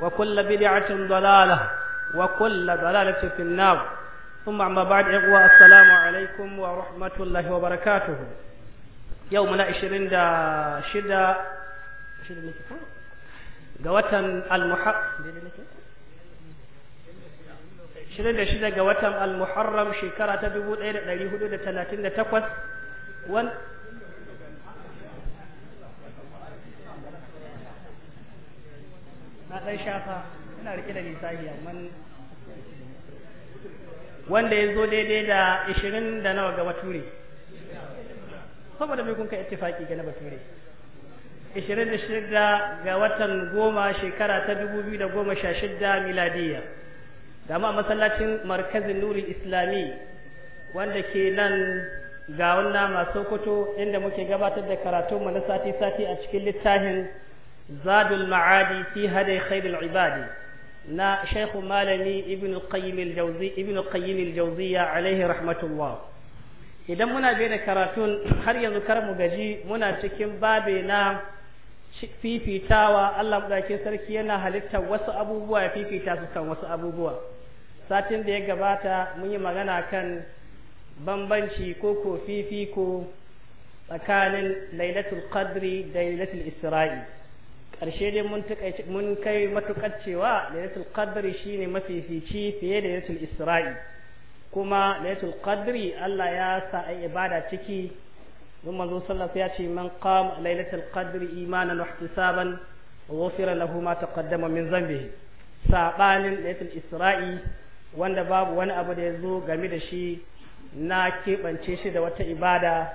وكل بدعة ضلالة وكل ضلالة في النار ثم أما بعد إخوة السلام عليكم ورحمة الله وبركاته يومنا عشرين دا شدة ga watan al-muharram shekara ta 1438 na ɗan shafa ina rike da lissafi amma wanda ya zo daidai da ishirin da nawa ga bature saboda mai kun kai ittifaki ga na bature ishirin da shida ga watan goma shekara ta dubu biyu da goma sha shida miladiyya da ma masallacin markazin nuri islami wanda ke nan ga wannan masu sokoto inda muke gabatar da karatunmu na sati-sati a cikin littafin zadul ma'adi fi hadai khairul ibadi na shaikhu malami ibn qayyim al-jawzi alaihi rahmatullah idan muna bai da karatun har yanzu kar mu gaji muna cikin babe na fifitawa Allah dakin sarki yana halittar wasu abubuwa ya fifita su kan wasu abubuwa satin da ya gabata mun yi magana kan bambanci ko ko fifiko tsakanin lailatul qadri da lailatul isra'i ƙarshe dai mun mun kai matukancewa cewa lailatul qadri shine mafifici fiye da lailatul isra'i kuma lailatul qadri Allah ya sa ai ibada ciki don manzo sallallahu ya ce man qama lailatul qadri imanan wahtisaban ghufira lahu ma taqaddama min dhanbihi sabanin lailatul isra'i wanda babu wani abu da ya zo game da shi na keɓance shi da wata ibada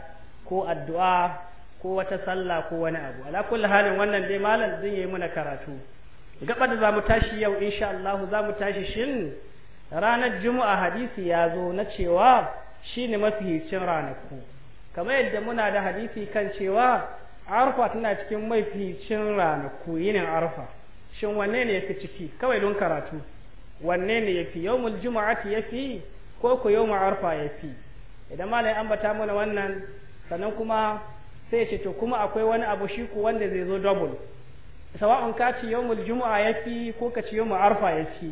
ko addu'a ko wata sallah ko wani abu ala kulli halin wannan dai malam zai yi muna karatu gaba da zamu tashi yau insha Allah zamu tashi shin ranar juma'a hadisi ya zo na cewa shine mafihicin ranaku kamar yadda muna da hadisi kan cewa arfa tana cikin mafihicin ranaku yinin arfa shin wanne ne yafi ciki kawai don karatu wanne ne yafi yawmul juma'ati yafi ko ko yawmul arfa yafi idan malai ambata mana wannan sannan kuma sai ce to kuma akwai wani abu shi ku wanda zai zo double sawa'un ka ci yawmul jumu'a yafi ko ka ci yawmul arfa yafi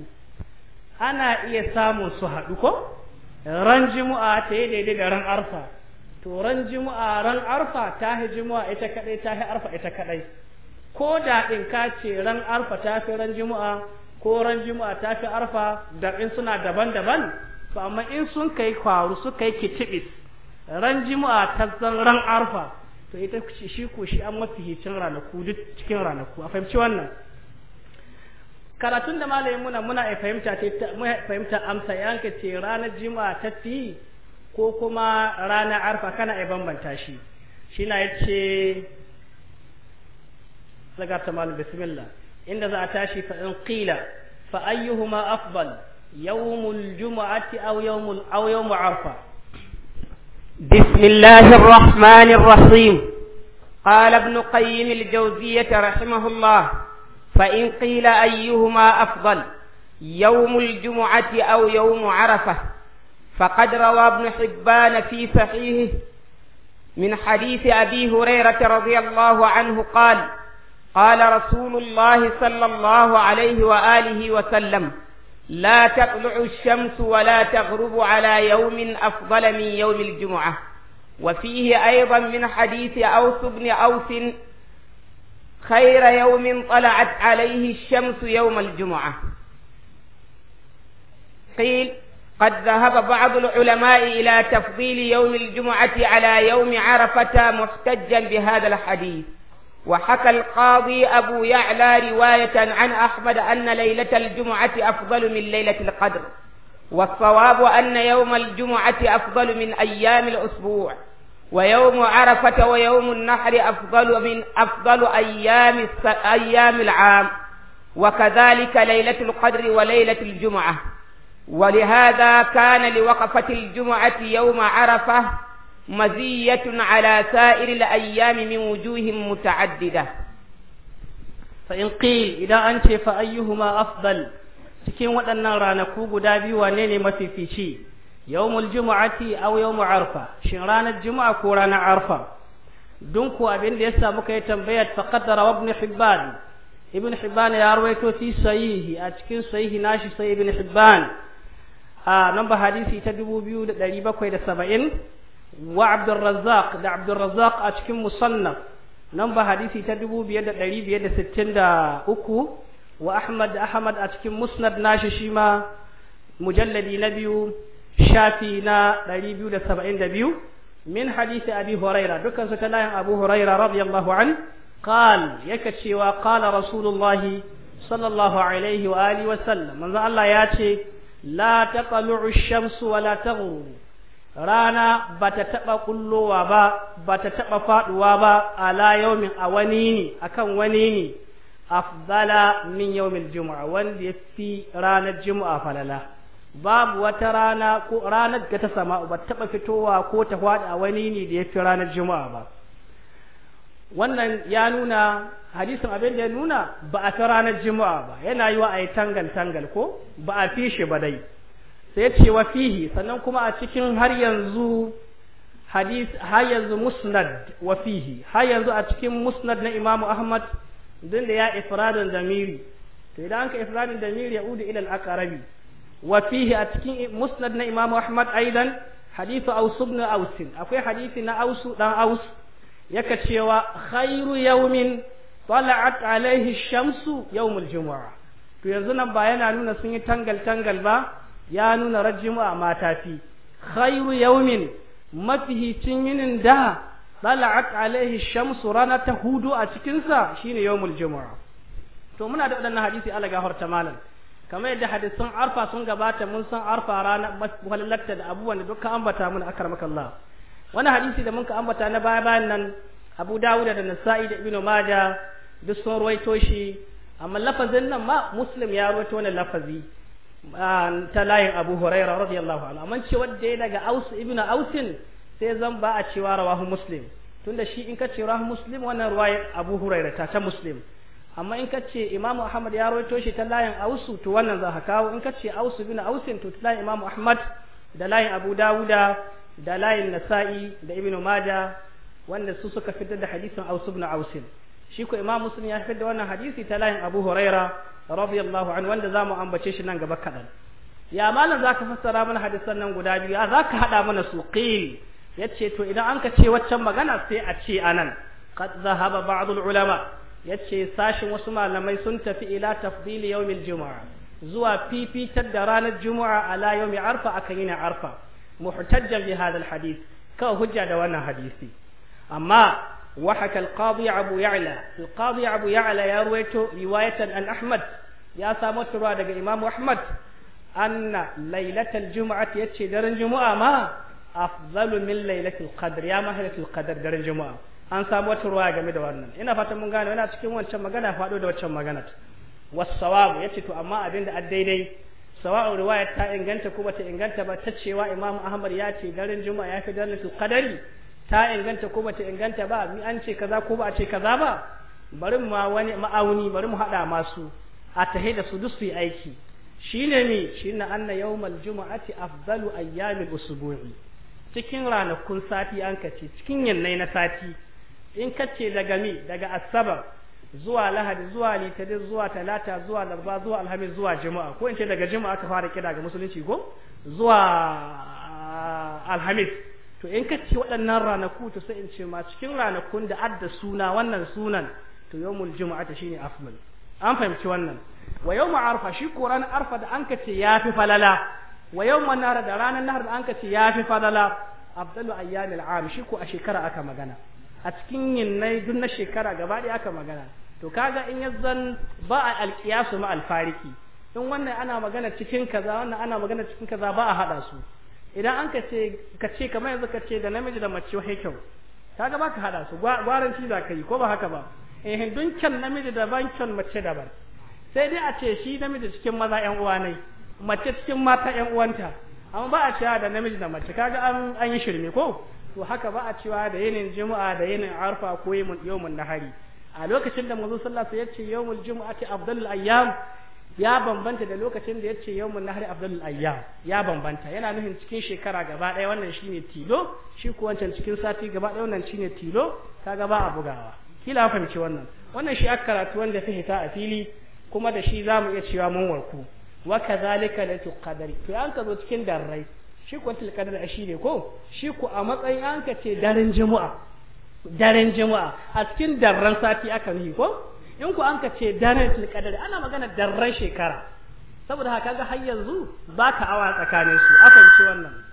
ana iya samun su haɗu ko ran jumu'a ta yi daidai da ran arfa to ran jumu'a ran arfa ta yi jumu'a ita kadai ta yi arfa ita kadai ko da in ka ce ran arfa ta fi ran jumu'a ko ran jumu'a ta fi arfa da in suna daban-daban to amma in sun kai kwaru suka yi kitibis ran jumu'a ta zan ran arfa to ita shi ko shi an mafihicin ranaku duk cikin ranaku a fahimci wannan karatun da malayin muna muna a fahimta fahimta amsa ya hanka ce ranar juma'a ta fi ko kuma ranar arfa kana a bambanta shi shi na yace zagarta malam bismillah inda za a tashi fa'in ƙila fa'ayyuhu fa ayyuhuma afdal yawmul jumu'ati aw yawmul aw arfa بسم الله الرحمن الرحيم قال ابن قيم الجوزية رحمه الله فإن قيل أيهما أفضل يوم الجمعة أو يوم عرفة فقد روى ابن حبان في صحيحه من حديث أبي هريرة رضي الله عنه قال قال رسول الله صلى الله عليه وآله وسلم لا تطلع الشمس ولا تغرب على يوم أفضل من يوم الجمعة وفيه أيضا من حديث أوس بن أوس خير يوم طلعت عليه الشمس يوم الجمعة قيل قد ذهب بعض العلماء إلى تفضيل يوم الجمعة على يوم عرفة محتجا بهذا الحديث وحكى القاضي أبو يعلى رواية عن أحمد أن ليلة الجمعة أفضل من ليلة القدر والصواب أن يوم الجمعة أفضل من أيام الأسبوع ويوم عرفة ويوم النحر أفضل من أفضل أيام أيام العام وكذلك ليلة القدر وليلة الجمعة ولهذا كان لوقفة الجمعة يوم عرفة مزية على سائر الأيام من وجوه متعددة فإن قيل إذا أنت فأيهما أفضل cikin waɗannan ranaku guda biyu wane ne mafifici yawmul jumu'ati aw yawmu arfa shin ranar juma'a ko ranar arfa dun abinda ya da yasa muka yi tambaya fa qadara ibn hibban ibn hibban ya rawaito fi sahihi a cikin sahihi nashi sai ibn hibban a namba hadisi ta saba'in. wa abdurrazzaq da abdurrazzaq a cikin musannaf nan ba hadisi ta 5563 wa ahmad ahmad a cikin musnad nashi shima mujalladi na biyu shafi na 272 min hadisi abi huraira dukkan su ta layin abu huraira radiyallahu an قال يكشي وقال رسول الله صلى الله عليه وآله وسلم من الله ياتي لا تطلع الشمس ولا تغرب rana ba ta taɓa kullowa ba ba ta taɓa faɗuwa ba ala yaumin a wani ne akan wani ne afdala min yaumin juma'a wanda ya fi ranar juma'a falala babu wata rana ko ranar ga ta sama ba taɓa fitowa ko ta faɗi a wani ne da ya fi ranar juma'a ba wannan ya nuna hadisin abin da ya nuna ba a fi ranar juma'a ba yana yi wa a yi tangal tangal ko ba a fi shi ba dai sai ce wa fihi sannan kuma a cikin har yanzu hadis har yanzu musnad wa fihi har yanzu a cikin musnad na imamu ahmad din da ya ifradin damiri to idan ka ifradin damiri ya udu ila al-aqrabi wa fihi a cikin musnad na imamu ahmad aidan hadithu aus ibn aus akwai hadisi na aus dan aus yaka cewa khairu yawmin tala'at alaihi shamsu yawmul jumu'ah to yanzu nan ba yana nuna sun yi tangal tangal ba ya nuna rajima mata fi khairu yawmin cin yinin da tsala'at alaihi shamsu rana ta hudu a cikinsa shine yawmul juma'a to muna da waɗannan hadisi ala ta malam kamar yadda hadisan arfa sun gabata mun san arfa rana masbuhalatta da abubuwan da dukkan ambata mun akramaka Allah wani hadisi da mun ka ambata na baya bayan nan Abu Dawuda da Nasa'i da Ibn Majah duk sun ruwaito shi amma lafazin nan ma Muslim ya ruwaito wannan lafazi ta layin abu huraira radiyallahu anhu amma ce wanda ya daga aus ibnu ausin sai zan ba a cewa rawahu muslim tunda shi in ka ce rawahu muslim wannan ruwaya abu huraira ta ta muslim amma in ka ce imamu ahmad ya rawaito shi ta layin ausu to wannan za ka kawo in ka ce ausu ibnu ausin to ta layin imamu ahmad da layin abu dawuda da layin nasa'i da ibnu maja wanda su suka fitar da hadisin ausu ibnu ausin shi ko imamu muslim ya fitar da wannan hadisi ta layin abu huraira radiyallahu anhu wanda zamu ambace shi nan gaba kadan ya malam zaka fassara mana hadisan nan guda biyu a zaka hada mana su qil yace to idan an ka ce waccan magana sai a ce anan qad zahaba ba'd ulama yace sashin wasu malamai sun tafi ila tafdil yawmil juma'a zuwa fifitar da ranar juma'a ala yawmi arfa akan yin arfa muhtajjan bi hadha al hadith ka hujja da wannan hadisi amma وحكى القاضي أبو يعلى القاضي أبو يعلى يا رويته رواية عن أحمد يا سامت رواد إمام أحمد أن ليلة الجمعة يتشي درن جمعة ما أفضل من ليلة القدر يا مهلة القدر درن جمعة an samu wata ruwa game da wannan ina fatan mun gane yana cikin wancan magana fadoda wancan magana wasawabu yace to amma abin da daidai sawa'u riwaya ta inganta ko bata inganta ba ta cewa imam'u Ahmad ya ce garin Juma'a ya fi ta inganta ko bata inganta ba mi an ce kaza ko ba a ce kaza ba bari mu ma wani ma'auni bari mu haɗa masu a tahe da su duk su yi aiki shine mi shine anna yawmal jumu'ati afdalu ayyamil usbu'i cikin ranakun sati an kace cikin yannai na sati in kace daga mi daga asabar zuwa lahadi zuwa litinin zuwa talata zuwa larba zuwa alhamis zuwa juma'a ko in ce daga juma'a ka fara kira ga musulunci ko zuwa ah, alhamis to in ka ce waɗannan ranaku to sai in ce ma cikin ranakun da adda suna wannan sunan to yawmul juma'a ta shine afdal an fahimci wannan wa yawmu arfa shi ko ranar arfa da an ka ce fi falala wa yawmu nahar da ranar nahar da an ka ce fi falala afdalu ayyamil am shi ko a shekara aka magana a cikin yinnai duk na shekara gaba ɗaya aka magana to kaga in yazzan ba a alkiyasu ma alfariki in wannan ana magana cikin kaza wannan ana magana cikin kaza ba a haɗa su idan an ka ce ka ce kamar yanzu ka ce da namiji da mace wahai kyau kaga ba ka hada su gwaran shi za ka yi ko ba haka ba eh hindun kyan namiji daban kyan mace ban sai dai a ce shi namiji cikin maza yan uwa ne mace cikin mata yan uwanta amma ba a cewa da namiji da mace kaga an an yi shirme ko to haka ba a cewa da yinin jumu'a da yinin arfa ko yawmul nahari a lokacin da manzo sallallahu alaihi wasallam ya ce yawmul jumu'ati afdalul ayyam ya bambanta da lokacin da ya ce yace yawmun nahri afdalul ayya ya bambanta yana nufin cikin shekara gaba ɗaya wannan shine tilo shi ko wancan cikin sati gaba ɗaya wannan shine tilo kaga ba a bugawa kila fahimci wannan wannan shi aka karatu wanda fi hita a fili kuma da shi zamu iya cewa mun warku wa kazalika latu qadari to an ka zo cikin darrai shi ko til qadar shi ne ko shi ko a matsayin an ka ce daren juma'a daren jumu'a a cikin darran sati aka yi ko in ku an ka ce daren kadari ana magana darren shekara saboda haka ga har yanzu ba ka awa tsakanin su akan ce wannan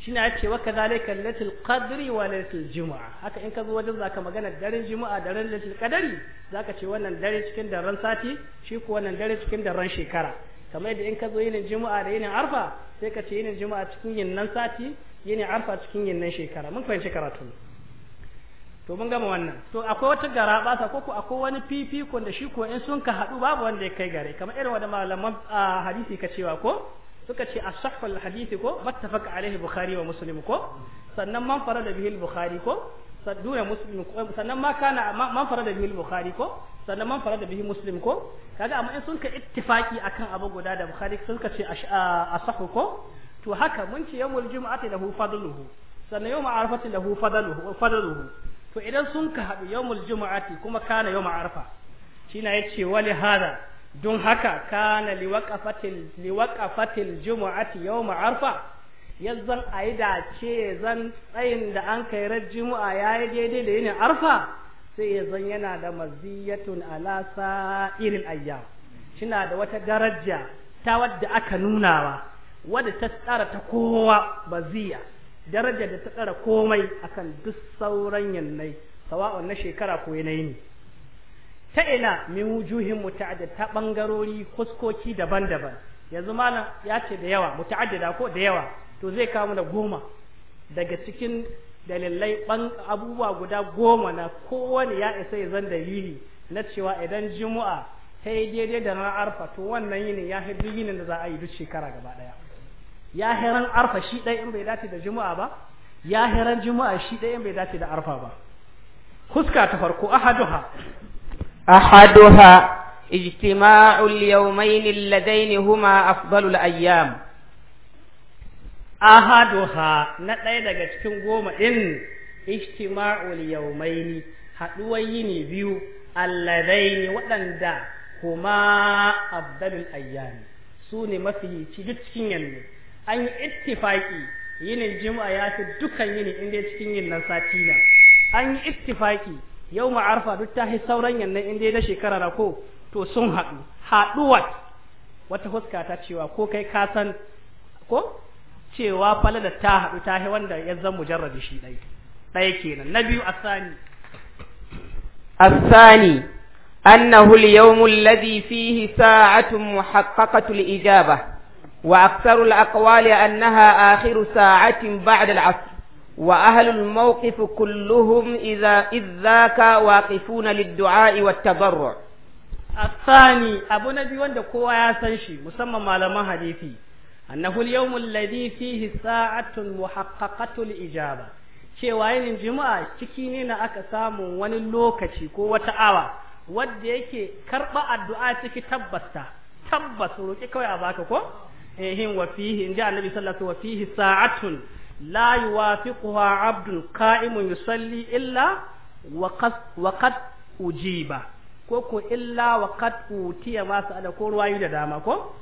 shi ne ake wa zalika latil qadri wa latil jumu'a haka in ka zo wajen zaka magana daren jumu'a daren latil qadari zaka ce wannan dare cikin daren sati shi ko wannan dare cikin daren shekara kamar yadda in ka zo yinin jumu'a da yinin arfa sai ka ce yinin jumu'a cikin nan sati yinin arfa cikin nan shekara mun fahimci karatu to mun gama wannan to akwai wata gara ba ko ko akwai wani fifikon da shi ko in sun ka haɗu babu wanda ya kai gare kamar irin wanda malaman hadisi ka cewa ko suka ce as-sahhul hadisi ko muttafaq alaihi bukhari wa muslim ko sannan man farada bihi al-bukhari ko duna muslim sannan ma kana man farada bihi al-bukhari ko sannan man farada bihi muslim ko kaga amma in sun ka ittifaki akan abu guda da bukhari sun ka ce as-sahhu ko to haka mun ce yawmul jum'ati lahu fadluhu sannan yawmul arafati lahu fadluhu fadluhu to idan sun ka haɗu yawmul juma'ati kuma kana yawm arfa ya yace wali hada don haka kana liwaqafatil liwaqafatil juma'ati yawm arfa yanzan a yi ce zan tsayin da an kai ran juma'a ya yi daidai da yini arfa sai zan yana da maziyatun ala ayya. Shi na da wata daraja ta wadda aka nunawa wadda ta tsara ta kowa maziya. daraja da ta tsara komai akan duk sauran yannai sawa'un na shekara ko yanayi ne ta ina min wujuhin muta'addid ta bangarori kuskoki daban-daban yanzu mana ya ce da yawa muta'addida ko da yawa to zai kawo da goma daga cikin dalilai abubuwa guda goma na kowane ya isa ya zan dalili na cewa idan juma'a ta yi daidai da na arfa to wannan yinin ya fi yinin da za a yi duk shekara gaba ɗaya ya hiran arfa shi ɗaya in bai dace da juma'a ba ya hiran juma'a shi ɗaya in bai dace da arfa ba huska ta farko ahaduha ahaduha اجتماع اليومين اللذين هما أفضل الأيام na ɗaya daga cikin goma din ijtima'ul yawmain haduwar yini biyu alladaini waɗanda kuma afdalul ayyam su ne mafi cikin yanzu an yi ittifaki yinin juma'a ya fi dukkan yini inda cikin yin nan sati na an yi ittifaki yau ma'arfa duk ta sauran yannan inda da shekara na ko to sun haɗu haɗuwar wata huska ta cewa ko kai ka san ko cewa fala da ta haɗu ta wanda ya zan mujarrabi shi ɗai ɗaya kenan na biyu asani asani annahu al-yawm alladhi fihi sa'atun haƙaƙa al ijaba. وأكثر الأقوال أنها آخر ساعة بعد العصر وأهل الموقف كلهم إذا إذ ذاك واقفون للدعاء والتضرع الثاني أبو نبي وند كوا يسنشي مسمى معلم حديثي أنه اليوم الذي فيه ساعة محققة الإجابة cewa yinin juma'a ciki ne na aka samu wani lokaci ko wata awa wadda yake karɓa addu'a ciki tabbasta tabbas roƙi kawai a baka ko ehin wa fihi inda annabi sallallahu wa fihi sa'atun la yuwafiquha abdun qa'imun yusalli illa wa qad ujiba ko ko illa wa qad utiya ma sa'ala ko ruwayu da dama ko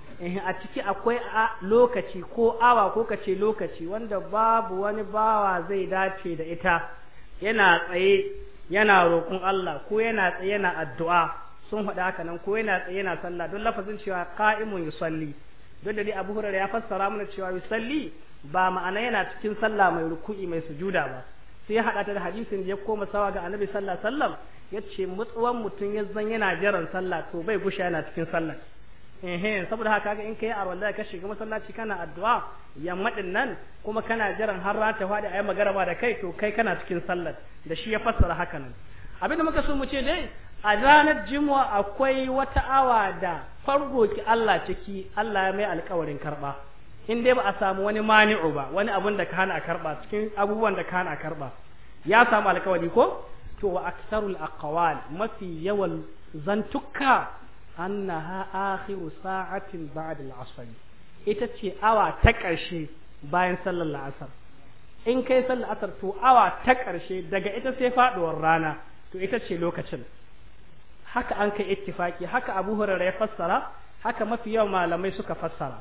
a ciki akwai a lokaci ko awa ko kace lokaci wanda babu wani bawa zai dace da ita yana tsaye yana roƙon Allah ko yana tsaye yana addu'a sun faɗa haka nan ko yana tsaye yana sallah don lafazin cewa qa'imun yusalli don da abu hurara ya fassara mana cewa yusalli ba ma'ana yana cikin sallah mai ruku'i mai sujuda ba sai ya haɗa ta da hadisin da ya koma sawa ga annabi sallallahu alaihi wasallam ya mutsuwan mutum ya zan yana jiran sallah to bai gusha yana cikin sallah Eh-eh, saboda haka in kai a wallahi ka shiga masallaci kana addu'a yammaɗin nan kuma kana jiran har rata fadi ayi magaraba da kai to kai kana cikin sallar da shi ya fassara haka nan abinda muka so mu ce dai a ranar juma'a akwai wata awa da farko ki Allah ciki Allah ya mai alƙawarin karɓa in dai ba a samu wani mani'u ba wani abun da ka hana a karba cikin abubuwan da ka hana a karɓa ya samu alƙawari ko to wa aktarul aqwal mafi yawan zantukka annaha akhiru sa'atin ba'da al-asr ita ce awa ta ƙarshe bayan sallar la'asar in kai sallar asar to awa ta ƙarshe daga ita sai faduwar rana to ita ce lokacin haka an kai ittifaki haka abu hurara ya fassara haka mafi yawan malamai suka fassara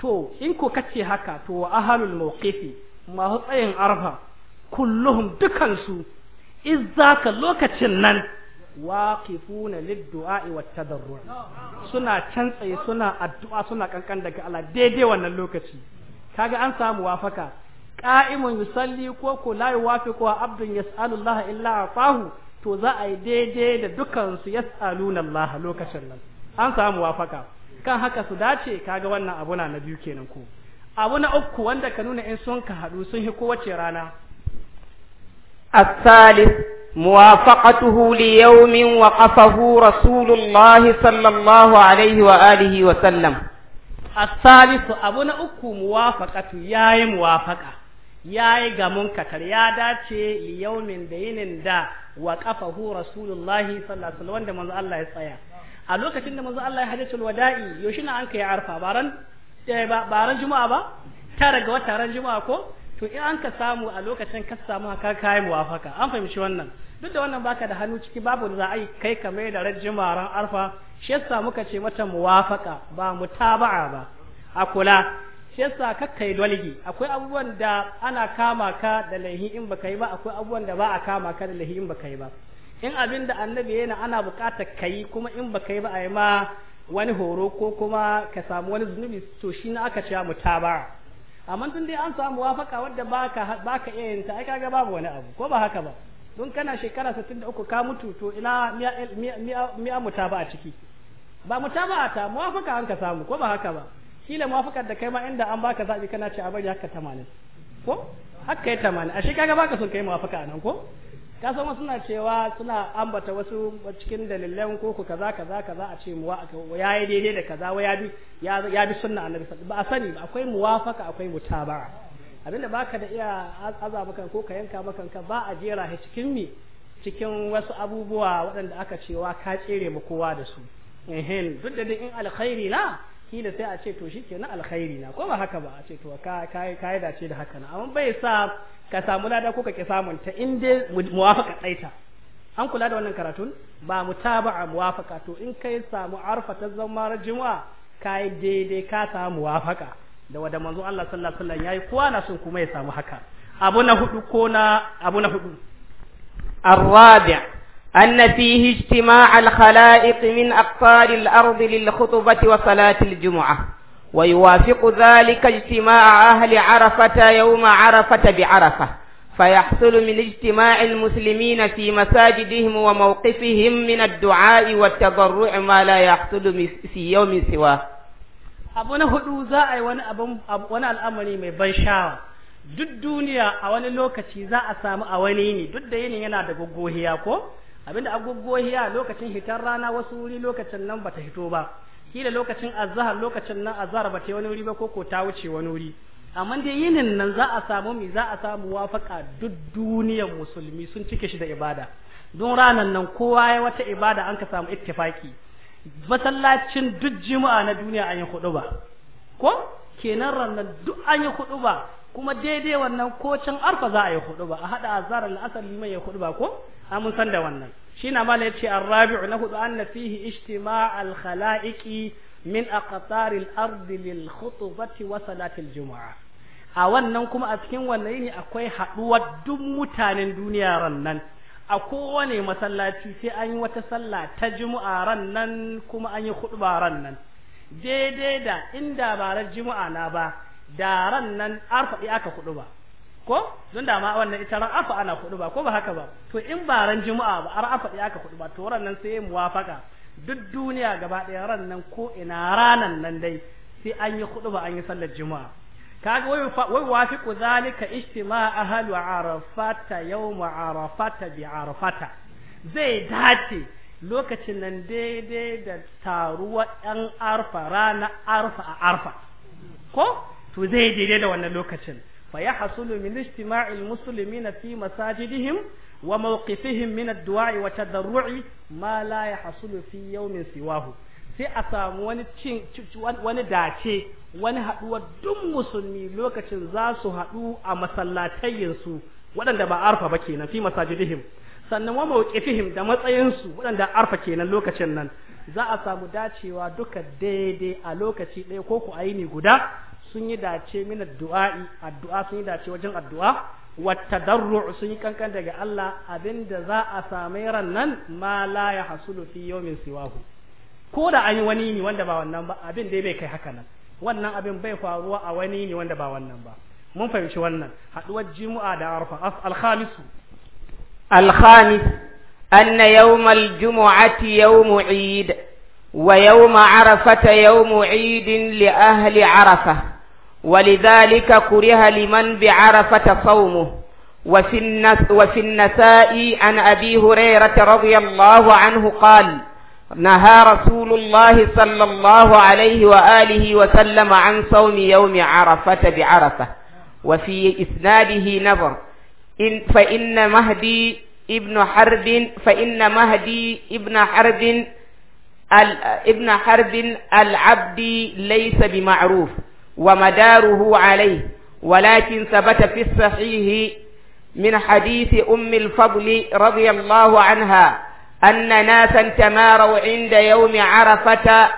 to in ko kace haka to wa ahalul mawqifi masu tsayin arfa kulluhum dukansu ka lokacin nan waqifuna lid-du'a'i wat-tadarru suna can tsaye suna addu'a suna kankan daga Allah daidai wannan lokaci kaga an samu wafaka qa'imun yusalli ko ko la yuwafiqu abdun yas'alullaha illa afahu to za a yi daidai da dukansu yas'aluna Allah lokacin nan an samu wafaka kan haka su dace kaga wannan abu na biyu kenan ko abu na uku wanda ka nuna in sun ka hadu sun yi kowace rana الثالث موافقته ليوم وقفه رسول الله صلى الله عليه وآله وسلم الثالث أبونا أكو موافقة ياي موافقة yayi ga munkakar ya dace li yaumin da yinin da wa ƙafahu rasulullahi sallallahu alaihi wasallam Allah ya tsaya a lokacin da manzo Allah ya hajjatul wada'i yaushe na an kai arfa baran baran juma'a ba tare ga wata ran juma'a ko to in an ka samu a lokacin ka samu ka kai muwafaka an fahimci wannan duk da wannan baka da hannu ciki babu da za a yi kai kamar da rajjumaran arfa shi yasa muka ce mata muwafaka ba mutaba'a ba a kula shi yasa kakka yi akwai abubuwan da ana kama ka da laihi in baka yi ba akwai abubuwan da ba a kama ka da laihi in baka yi ba in abin da annabi yana ana buƙatar ka kuma in baka yi ba a yi ma wani horo ko kuma ka samu wani zunubi to shi na aka cewa mutaba amma tun dai an samu wafaka wadda baka baka iya yin ta ai kaga babu wani abu ko ba haka ba don kana shekara 63 ka mutu to ina miya miya mutaba a ciki ba mutaba ta muwafaka an ka samu ko ba haka ba kila muwafakar da kai ma inda an baka zabi kana ce a bari haka tamanin, ko haka ya tamanin ashe kaga baka son kai muwafaka nan ko ka san wasu na cewa suna ambata wasu cikin dalilan ko ku kaza kaza kaza a ce muwa ya yi daidai da kaza wa ya bi ya bi sunna annabi ba a sani ba akwai muwafaka akwai mutaba'a abinda baka da iya azaba maka ko ka yanka maka ka ba a jera shi cikin mi cikin wasu abubuwa waɗanda aka cewa ka tsere ma kowa da su ehin duk da in alkhairi na kila sai a ce to shi kenan alkhairi na ko ba haka ba a ce to ka ka yi dace da haka na amma bai sa ka samu lada ko ka ki samun ta in dai muwafaka tsaita an kula da wannan karatun ba mu mutaba'a muwafaka to in kai samu arfa ta zama juma'a kai daidai ka samu muwafaka da wanda manzo Allah sallallahu alaihi wasallam yayi kowa na son kuma ya samu haka abu na hudu ko na abu na hudu arrabi' أن فيه اجتماع الخلائق من أقطار الأرض للخطبة وصلاة الجمعة ويوافق ذلك اجتماع أهل عرفة يوم عرفة بعرفة فيحصل من اجتماع المسلمين في مساجدهم وموقفهم من الدعاء والتضرع ما لا يحصل في يوم سواه abu na hudu za a yi wani al'amari mai ban sha'awa duk duniya a wani lokaci za a samu a wani yini duk da yini yana da gaggohiya ko abinda agogohiya lokacin hitar rana wasu wuri lokacin nan bata hito ba kila lokacin azhar lokacin nan azhar bata wani wuri ba ko ko ta wuce wani wuri amma dai yinin nan za a samu mi za a samu wafaka duk duniyar musulmi sun cike shi da ibada don ranan nan kowa ya wata ibada an ka samu ittifaki masallacin duk juma'a na duniya an yi hudu ba ko kenan ranar duk an yi hudu ba kuma daidai wannan kocin arfa za a yi hudu ba a hada azhar al-asr liman ya hudu ba ko a mun san da wannan shi na mala yace ar-rabi'u na hudu an fihi ijtima' al-khala'iqi min a al-ard lil khutbati wa salati a wannan kuma a cikin wannan ne akwai haduwar duk mutanen duniya ran nan a kowane masallaci sai an yi wata sallah ta juma'a ran nan kuma an yi khutba ran nan daidai da inda barar juma'a na ba Da ran nan arfa'i aka kudu ba ko don da ma wannan ita ran arfa ana kudu ba ko ba haka ba to in ba ran juma'a ba ar afa aka kudu ba to ran nan sai muwafaka duk duniya gaba ɗaya ran nan ko ina ranan nan dai sai an yi kudu ba an yi sallar juma'a kaga wai wai wafiqu zalika ijtima'a ahlu arafata yawm arafata bi arafata zai dace lokacin nan daidai da taruwa ɗan arfa rana arfa a arfa ko to zai daidai da wannan lokacin fa hasulu min ijtima'il na fi masajidihim wa mawqifihim min ad-du'a wa tadarru'i ma la yahsulu fi yawmin siwahu sai a samu wani cin wani dace wani haduwar duk musulmi lokacin za su hadu a masallatayin su waɗanda ba arfa ba kenan fi masajidihim sannan wa mawqifihim da matsayin su waɗanda arfa kenan lokacin nan za a samu dacewa duka daidai a lokaci ɗaya ko ku aini guda sun yi dace min addu'a'i addu'a sun yi dace wajen addu'a wa tadarru' sun yi kankan daga Allah abinda za a same ran nan ma la ya hasulu fi yawmin siwahu ko da an yi wani ne wanda ba wannan ba abin dai bai kai haka nan wannan abin bai faruwa a wani ne wanda ba wannan ba mun fahimci wannan haduwar jimu'a da arfa al-khamis al-khamis anna yawmal jumu'ati yawmu 'id ويوم عرفة يوم عيد لأهل عرفة ولذلك كره لمن بعرفة صومه وفي, وفي النساء عن أبي هريرة رضي الله عنه قال نهى رسول الله صلى الله عليه وآله وسلم عن صوم يوم عرفة بعرفة وفي إسناده نظر إن فإن مهدي ابن حرب فإن مهدي ابن حرب ابن حرب العبد ليس بمعروف ومداره عليه ولكن ثبت في الصحيح من حديث أم الفضل رضي الله عنها أن ناسا تماروا عند يوم عرفة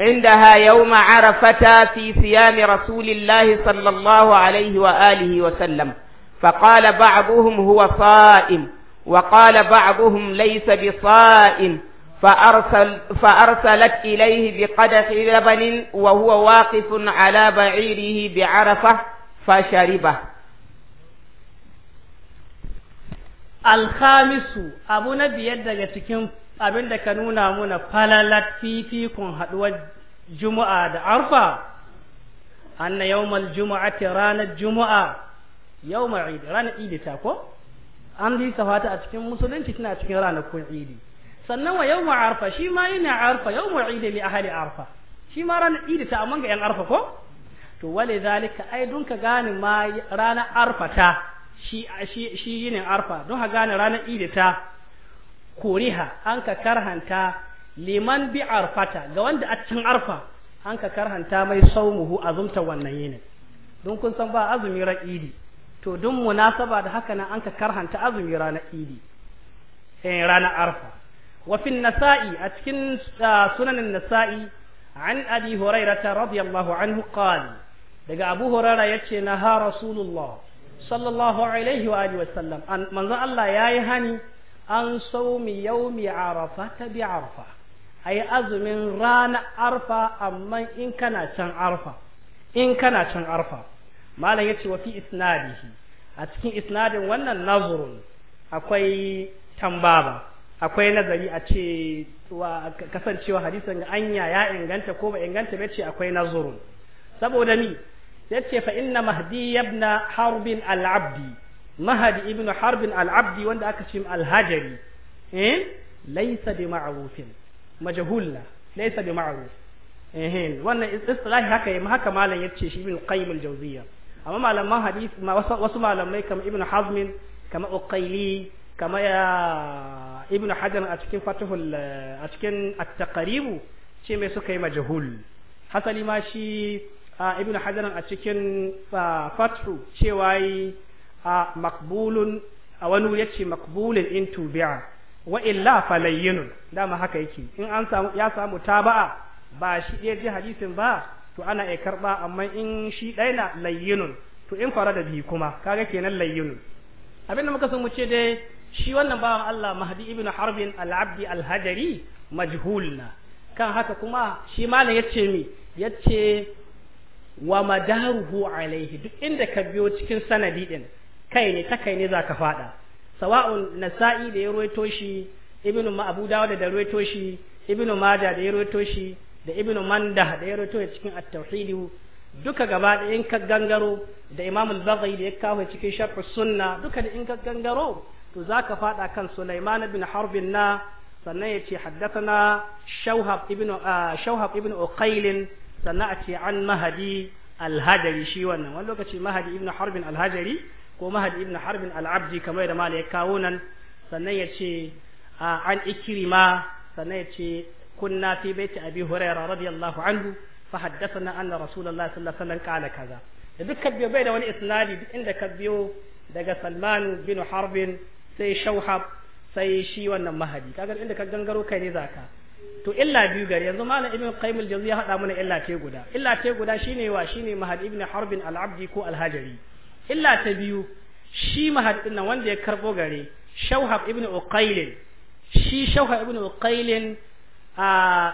عندها يوم عرفة في صيام رسول الله صلى الله عليه وآله وسلم فقال بعضهم هو صائم وقال بعضهم ليس بصائم فأرسل فأرسلت إليه بقدح لبن وهو واقف على بعيره بعرفة فشربه الخامس أبو نبي يدى cikin abin ka nuna muna falalat fifikun haɗuwar juma'a da arfa anna yawmal juma'ati ranar juma'a yawmal idi ranar idi ta ko an lisa fata a cikin musulunci tana cikin ranakun sannan wa yawma arfa shi ma yana arfa yawma idi li ahli arfa shi ma ran idi ta amma ga yan arfa ko to wale zalika ai dun ka gane ma rana arfa ta shi shi shi arfa don ka gane rana idi ta kuriha an ka karhanta liman bi arfata ga wanda a cikin arfa an ka karhanta mai saumuhu azumta wannan yinin don kun san ba azumi ran idi to dun munasaba da haka nan an ka karhanta azumi ranar idi eh rana arfa وفي النسائي أتكن سنن النسائي عن أبي هريرة رضي الله عنه قال دقى أبو هريرة يتشي نهى رسول الله صلى الله عليه وآله وسلم أن من الله يا يهني أن صوم يوم عرفة بعرفة أي أزمن ران عرفة أما إن كان شان عرفة إن كان شان عرفة ما لا يتشي وفي إسناده أتكن إسناد ونن نظر أكوي تنبابا akwai nazari a ce kasancewa hadisin anya ya inganta ko ba inganta ba ce akwai nazurun saboda ni ya ce fa inna mahdi ibn harbin al'abdi mahdi ibn harbin al'abdi wanda aka ce alhajari hajari eh laysa bi ma'rufin majhul laisa bi ma'ruf eh wannan istilahi haka yayi haka malam yace shi ibn qayyim al-jawziyya amma malaman hadisi wasu malamai kamar ibn hazm kamar uqayli kamar ya ibn hajar a cikin fatihul eh, a cikin at-taqrib ce mai suka yi majhul hasali ma shi ibn hajar a cikin fathu cewa yi maqbulun a wani wuri yace maqbulun in tubi'a wa illa falayyinun dama haka yake in an samu ya samu taba'a ba shi ɗaya ji hadisin ba to ana iya karɓa amma in shi ɗaya na layyinun to in fara da bi kuma kaga kenan layyinun abinda muka san mu ce dai shi wannan bawan Allah Mahdi ibn Harbin al-Abdi al-Hajari majhul na kan haka kuma shi malam yace mi yace wa madaruhu alaihi duk inda ka biyo cikin sanadi din kai ne ta kai ne za ka fada sawa'un nasa'i da ya ruwaito shi ibnu abu dawud da ruwaito shi ibnu mada da ya ruwaito shi da ibnu mandah da ya ruwaito cikin at-tauhid duka gaba da in ka gangaro da imam al-baghi da ya kawo cikin sharh sunna duka da in ka gangaro to zaka faɗa kan Sulaiman bin Harbin na sannan ya ce haddathana Shawhab ibn ukailin ah, ibn sannan a ce an Mahadi alhajari shi wannan wani lokaci Mahadi ibn Harbin al ko Mahadi ibn Harbin al kamar da malai kawo nan sannan ya ce ah, an Ikrima sannan ya ce kunna fi baiti Abi huraira radiyallahu anhu fa haddathana anna Rasulullah sallallahu alaihi wasallam qala kaza da dukkan biyo bai da wani isnadi duk inda ka biyu daga Salman bin Harbin sai shauhab sai shi wannan mahadi kaga inda ka gangaro kai ne zaka to illa biyu gari yanzu malam ibn qayyim al ya hada mana illa ce guda illa ce guda shine wa shine mahadi ibn harbin al-abdi ko al-hajari illa ta biyu shi mahadi din nan wanda ya karbo gare shauhab ibn uqail shi shauhab ibn uqail a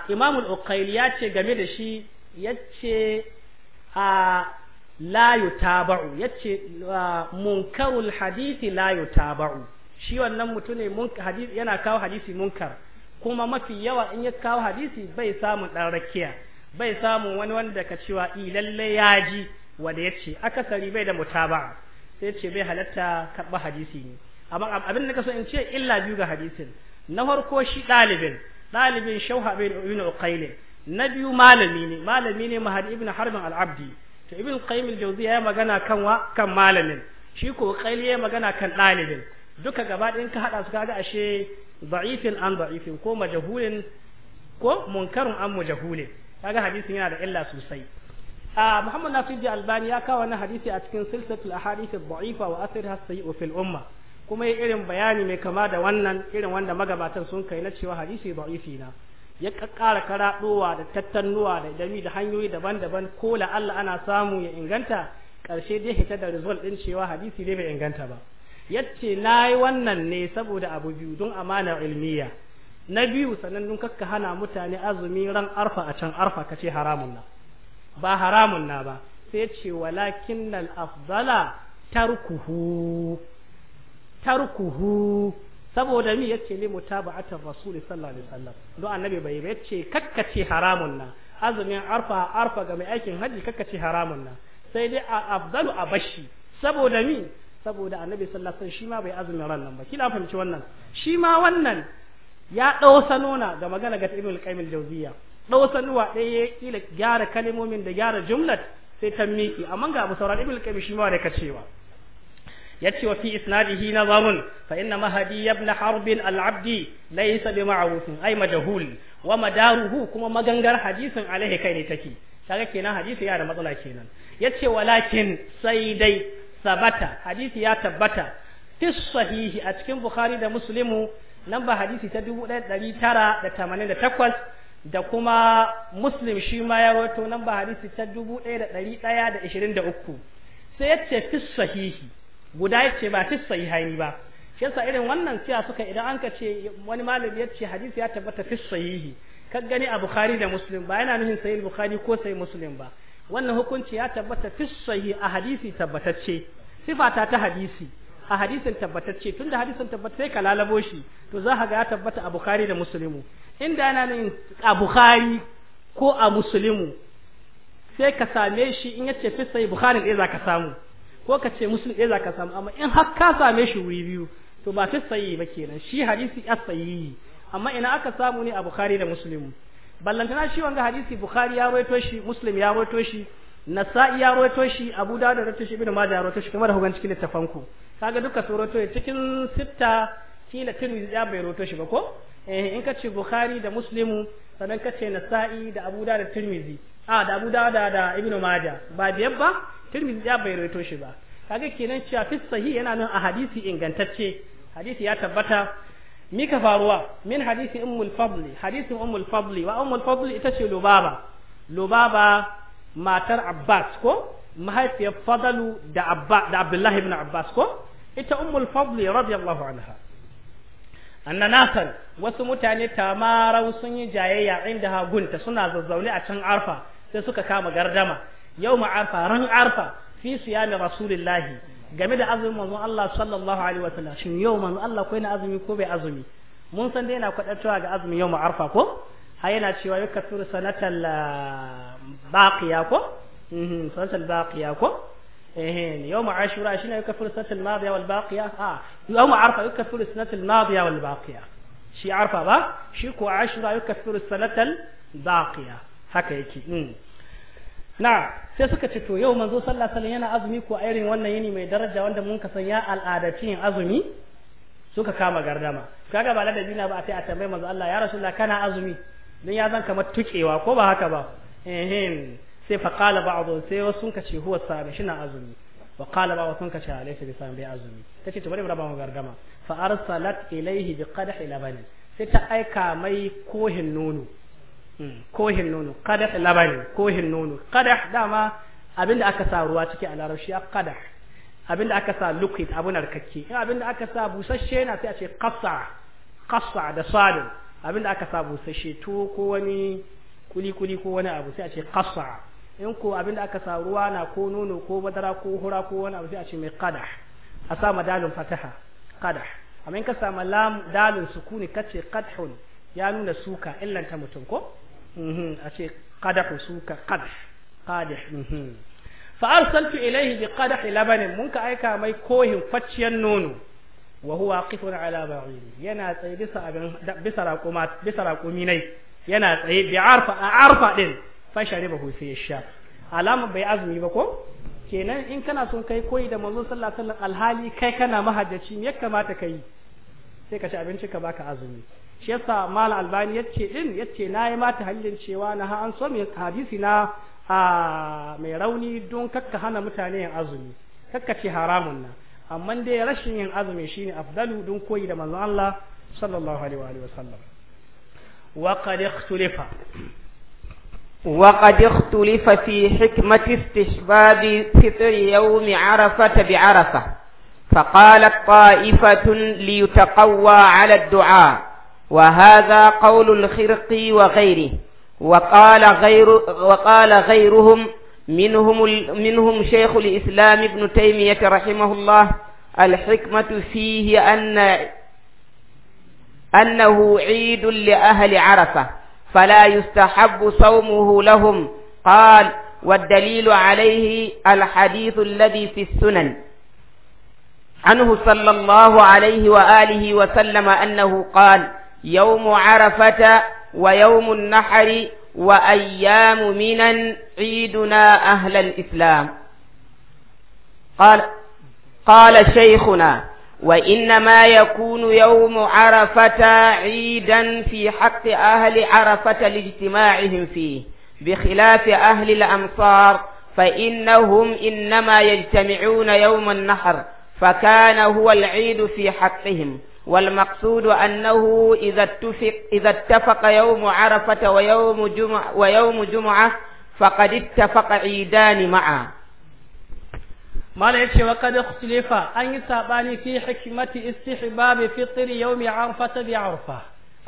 imam al ya ce game da shi yace a la yutaba'u yace munkarul hadisi la yutaba'u shi wannan mutumin munkar hadisi yana kawo hadisi munkar kuma mafi yawa in ya kawo hadisi bai samun ɗan rakiya bai samun wani wanda ka cewa i ya ji wanda ya ce akasari bai da mutabaa sai ce bai halatta karba hadisi ne amma abin da so in ce illa biyu ga hadisin na farko shi ɗalibin ɗalibin shauha bin ibn uqayl na biyu malami ne malami ne mahad ibn harbin al-abdi to ibn qayyim al-jawziya ya magana kan wa kan malamin shi ko uqayl ya magana kan ɗalibin duka gaba ɗin ka haɗa su kaga ashe da'ifin an da'ifin ko majahulin ko munkarun an majahulin kaga hadisin yana da illa sosai a Muhammad Nasir Albani ya kawo wani hadisi a cikin silsilatul ahadith ad-da'ifa wa asriha sayyi'u fil umma kuma ya irin bayani mai kama da wannan irin wanda magabatan sun kai na cewa hadisi da'ifi na ya kakkara karaɗowa da tattannuwa da dami da hanyoyi daban-daban ko la Allah ana samu ya inganta ƙarshe dai hita da result ɗin cewa hadisi dai bai inganta ba yace nayi wannan ne saboda abu biyu don amana ilmiya na biyu sanan dun kakka hana mutane azumi ran arfa a can arfa kace haramun na ba haramun na ba sai ce walakin al afdala tarkuhu tarkuhu saboda mi yace ne mutaba'at ar rasul sallallahu alaihi wasallam don annabi bai yace ce haramun na azumin arfa arfa ga mai aikin haji ce haramun na sai dai a afdalu a bashi saboda mi saboda annabi sallallahu alaihi wasallam shi ma bai azumin ranan ba kila fahimci wannan shi ma wannan ya dau sanona ga magana ga Ibn al-Qayyim al-Jawziyya dau sanuwa ya kila gyara kalimomin da gyara jumlat sai ta miki amma ga Abu Sauran Ibn qayyim shi ma da kacewa yace wa fi isnadihi nazarun fa inna mahdi ibn harb al-abdi laysa bi ma'ruf ay majhul wa madaruhu kuma magangar hadisin alaihi kai ne take kaga kenan hadisi ya da matsala kenan yace walakin sai dai sabata hadisi ya tabbata fi sahihi a cikin bukhari da muslimu ba hadisi ta 1988 da kuma muslim shi ma ya rawaito ba hadisi ta 1123 sai yace fi sahihi guda yace ba fi sahihaini ba shi yasa irin wannan siya suka idan an ka ce wani malami yace hadisi ya tabbata fi sahihi kan gani a bukhari da muslim ba yana nufin sahih bukhari ko sahih muslim ba wannan hukunci ya tabbata fi a hadisi tabbatacce sifata ta hadisi a hadisin tabbatacce tunda hadisin tabbata sai ka lalabo shi to za ka ga ya tabbata a bukhari da muslimu inda yana nan a bukhari ko a muslimu sai ka same shi in yace fi sahih bukhari ɗaya za ka samu ko ka ce muslim ɗaya za ka samu amma in har ka same shi wuri biyu to ba fi ba kenan shi hadisi as amma ina aka samu ne a bukhari da muslimu ballantana shi wanga hadisi bukhari ya rawaito shi muslim ya rawaito shi nasa'i ya rawaito shi abu dawud ya rawaito shi ibnu majah ya rawaito shi kamar hukan cikin littafan ku kaga duka su rawaito cikin sitta kila tirmidhi ya bai rawaito shi ba ko eh in ka ce bukhari da muslimu sannan ka ce nasa'i da abu dawud da tirmidhi a da abu dawud da ibnu majah ba biyar ba tirmidhi ya bai rawaito shi ba kaga kenan cewa fi sahih yana nan a hadisi ingantacce hadisi ya tabbata mika faruwa min hadisi ummul fadli hadisi ummul fadli wa ummul fadli ita ce lubaba lubaba matar abbas ko mahaifiyar fadalu da abba da abdullahi ibn abbas ko ita ummul fadli radiyallahu anha anna nasan wasu mutane tamarau sun yi jayayya inda hagunta suna zazzaune a can arfa sai suka kama gardama yau ma arfa ran arfa fi siyami rasulillahi game da azumin manzon Allah sallallahu alaihi wasallam shin yau manzon Allah ko yana azumi ko bai azumi mun san dai yana kwadatawa ga azumin yau arfa ko har yana cewa yukathiru ah, mhm, sanatal baqiya ko sanatal baqiya ko eh yau ashura shine yukathiru sanatal madiya wal baqiya ha yau arfa sanatal madiya wal shi arfa ba shi ko ashura yukathiru sanatal haka yake hmm. na sai suka ce to yau manzo sallallahu alaihi yana azumi ko irin wannan yini mai daraja wanda mun san ya al'adaci yin azumi suka kama gardama kaga ba ladabi na ba a sai a tambaye manzo Allah ya rasulullah kana azumi dan ya zan kamar tukewa ko ba haka ba eh sai fa qala ba'd sai wasu sun kace huwa sabi shi na azumi wa qala ba'd sun kace alaysa bi sabi azumi tace to bari mu raba mu gardama fa arsalat ilayhi bi qadhi labani sai ta aika mai kohin nono kohin nono qadah labani kohin nono qadah dama abinda aka sa ruwa ciki a larabci qadah abinda aka sa liquid abun arkakke in abinda aka sa busasshe na sai a ce qassa qassa da sadin abinda aka sa busasshe to ko wani kuli kuli ko wani abu sai a ce qassa in ko abinda aka sa ruwa na ko nono ko madara ko hura ko wani abu sai a ce mai qadah a sa madalun fataha qadah amma in ka sa lam dalun sukuni kace qadhun ya nuna suka illanta mutum ko a قدح qadahu قدح qadh فأرسلت إليه بقدح لبن bi أيكا labanin mun ka aika mai kohin على nono wa huwa qifun ala yana tsaye bisa abin bisa yana tsaye alama bai azumi ba ko kenan in kana son kai koyi da manzon sallallahu alaihi wasallam alhali kai kana mahajjaci me ya kamata kai sai ka ci abinci ka baka azumi shi yasa mal albani yace din yace nayi ma tahallin cewa na ha an so mai hadisi na a mai rauni don kakka hana mutane yin azumi kakka ce haramun nan amma dai rashin yin azumi shine afdalu don koyi da manzon Allah sallallahu alaihi wa alihi wasallam wa qad ikhtalafa وقد اختلف في حكمة استحباب فطر يوم عرفة بعرفة فقالت طائفة ليتقوى على الدعاء وهذا قول الخرقي وغيره وقال غير وقال غيرهم منهم منهم شيخ الإسلام ابن تيمية رحمه الله الحكمة فيه أن أنه عيد لأهل عرفة فلا يستحب صومه لهم قال والدليل عليه الحديث الذي في السنن عنه صلى الله عليه وآله وسلم أنه قال يوم عرفة ويوم النحر وأيام منا عيدنا أهل الإسلام قال قال شيخنا وإنما يكون يوم عرفة عيدا في حق أهل عرفة لاجتماعهم فيه بخلاف أهل الأمصار فإنهم إنما يجتمعون يوم النحر فكان هو العيد في حقهم والمقصود أنه إذا اتفق, إذا اتفق يوم عرفة ويوم جمعة, ويوم جمعة فقد اتفق عيدان معا ما ليش وقد اختلف أن ساباني في حكمة استحباب فطر يوم عرفة بعرفة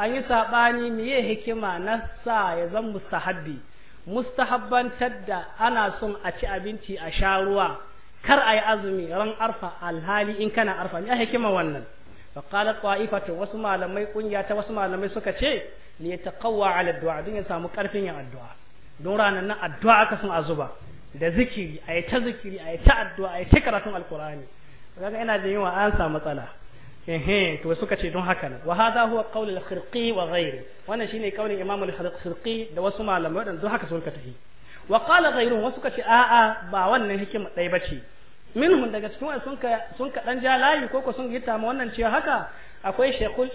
أن ساباني ميه حكمة نسا يزم مستحبي mustahabban tadda ana son a ci abinci a sha ruwa kar a yi azumi ran arfa alhali in kana arfa ne a hikima wannan فقالت طائفة wasu malamai kunya ta wasu malamai suka ce ne ta taqawwa ala du'a don ya samu karfin yin addu'a don ranan nan addu'a aka sun azuba da zikiri ayi ta zikiri ayi ta addu'a ayi ta karatun alqur'ani kaga ina da yawa an samu matsala ehe to suka ce don haka wa hadha huwa qawl al-khirqi wa ghayri wannan shine kaulin imam al-khirqi da wasu malamai wadanda haka suka tafi wa qala ghayrun wasu ce a'a ba wannan hikima dai bace minhum daga cikin wani sun ka sun ka dan ja layi ko ko sun ma wannan cewa haka akwai shaykhul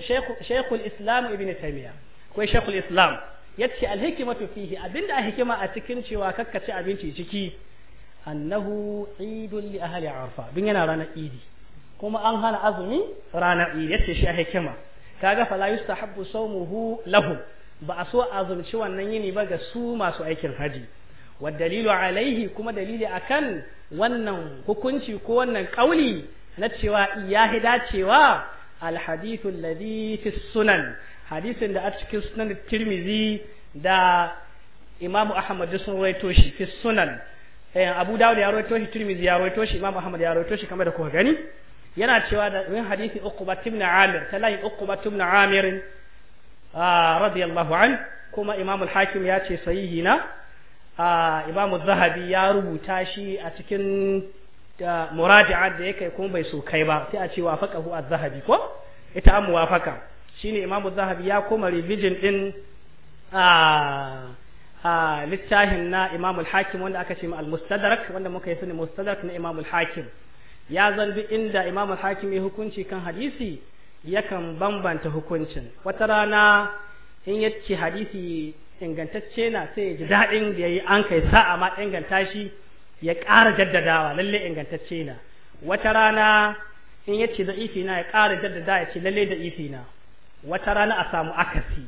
shaykhul islam ibn taymiya akwai shaykhul islam yace al hikmatu fihi abinda a hikima a cikin cewa kakkace abinci ciki annahu idun li ahli arfa bin yana ranar idi kuma an hana azumi ranar idi yace shi a hikima kaga fala yustahabbu sawmuhu lahu ba a so azumci wannan yini ba ga su masu aikin haji wa dalilu alaihi kuma dalili kan wannan hukunci ko wannan kauli na cewa iyahi dacewa alhadithu alladhi fi sunan hadisin da a cikin sunan da imamu ahmad da sun rawaito shi fi sunan eh, abu dawud ya kamar da kuka gani yana cewa da min hadisi uqba ibn amir talai uqba ibn ah, an kuma hakim ya ce sahihi na Imam Zahabi ya rubuta shi a cikin muraja'a da ya Kai kuma bai so kai ba sai a ce wa wafaqahu az-Zahabi ko ita an muwafaka shine Imam Zahabi ya koma revision din a a littafin na Imam al-Hakim wanda aka ce ma al-Mustadrak wanda muka yi sani Mustadrak na Imam hakim ya zan duk inda Imam al-Hakim ya hukunci kan hadisi yakan bambanta hukuncin wata rana in yace hadisi ingantacce na sai ya ji daɗin da ya yi an kai sa'a ma inganta shi ya ƙara jaddadawa lalle ingantacce na wata rana in ya ce da na ya ƙara jaddada ya ce lalle da ifi na wata rana a samu akasi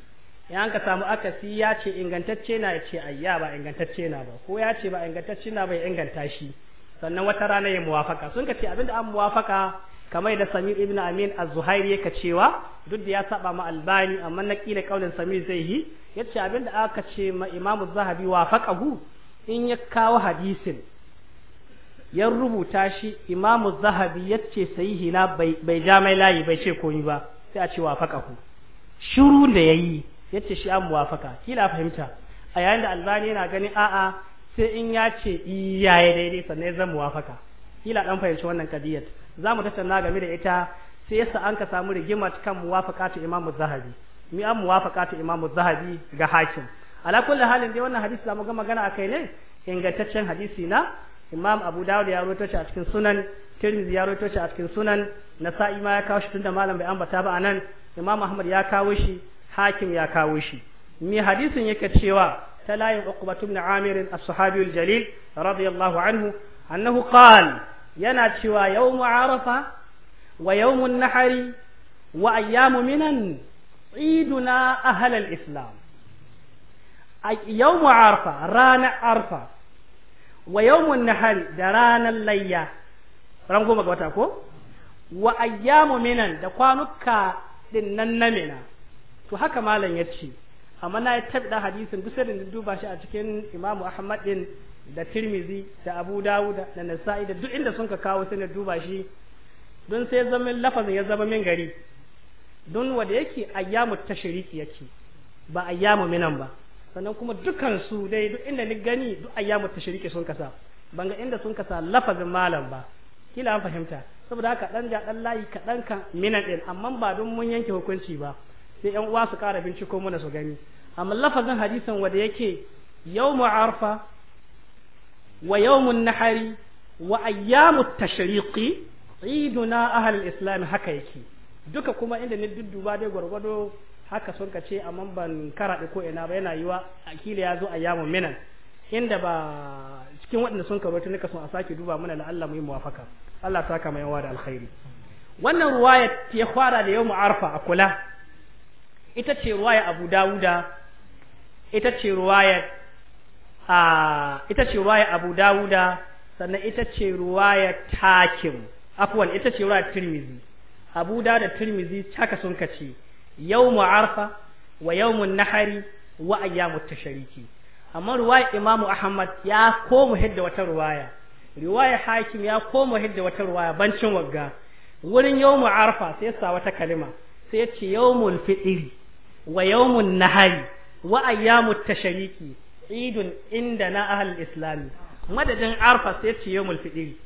in an ka samu akasi ya ce ingantacce na ya ce ayya ba ingantacce na ba ko ya ce ba ingantacce na ba ya inganta shi sannan wata rana ya muwafaka sun ka ce abinda an muwafaka kamar da Samir ibn Amin az-Zuhairi yake cewa duk da ya saba ma Albani amma na kila kaulin Samir zai yi yace da aka ce ma Imam Zahabi wa faqahu in ya kawo hadisin ya rubuta shi Imam Zahabi yace sahihi na bai jamai bai ce komai ba sai a ce wa faqahu shiru da yayi yace shi an muwafaka kila fahimta a yayin da Albani yana ganin a'a sai in ya ce iyaye daidai sannan zan muwafaka kila dan fahimci wannan kadiyar za mu tattauna game da ita sai yasa an ka samu rigimat kan muwafaqatu Imam Zahabi mi an muwafaqatu Imam Zahabi ga hakim ala kulli halin dai wannan hadisi zamu ga magana akai ne ingantaccen hadisi na Imam Abu Dawud ya rawaito shi a cikin sunan Tirmidhi ya rawaito shi a cikin sunan Nasa'i ma ya kawo shi tunda malam bai ambata ba anan Imam Ahmad ya kawo shi hakim ya kawo shi mi hadisin yake cewa ta layin Uqbah ibn Amir as-Sahabi jalil radiyallahu anhu annahu qala yana cewa yawmu arafa wa yawmun nahari wa ayyamu minan iduna halal islam yawmu arafa ranar arfa wa yawmun nahari da ranar layya ran goma ga wata ko wa ayyamu minan da kwanuka din nan na mina to haka malam ya ce amma na yi ɗan hadisin duk sai da duba shi a cikin Imam Ahmad din da Tirmizi da Abu Dawud da Nasa'i da duk inda sun ka kawo sai na duba shi don sai zama lafazin ya zama min gari don wanda yake ayyamu tashriki yake ba ayyamu minan ba sannan kuma dukan su dai duk inda ni gani duk ayyamu tashriki sun kasa ban ga inda sun kasa lafazin malam ba kila an fahimta saboda haka dan ja dan layi kadan kan minan din amma ba don mun yanke hukunci ba sai yan uwa su kara binciko mana su gani amma lafazin hadisin wanda yake yawmu arfa wa yawmun nahari wa ayyamu tashriqi iduna ahlul islam haka yake duka kuma inda ni dudduba dai gwargwado haka sun ka ce amma ban karaɗe ko ina ba yana yiwa akili ya zo yamu minan inda ba cikin waɗanda sun karɓi nika sun a sake duba mana la mu yi muwafaka Allah ta kama yawa da alkhairi wannan ruwaya ya fara da yawmu arfa a kula ita ce ruwaya abu dawuda ita ce ruwaya a ita ce ruwaya abu dawuda sannan ita ce ruwaya takim afwan ita ce ruwaya tirmizi abu da da tirmizi haka sun kace yawmu arfa wa yawmu nahari wa ayyamu tashriki amma ruwaya imamu ahmad ya koma hidda wata ruwaya riwaya hakim ya koma hidda wata ruwaya bancin wagga wurin yawmu arfa sai ya sa wata kalima sai ya ce yawmul fitri wa yawmun nahari wa ayyamut tashariki idun inda na ahlul islam madadin arfa sai ce yawmul fitri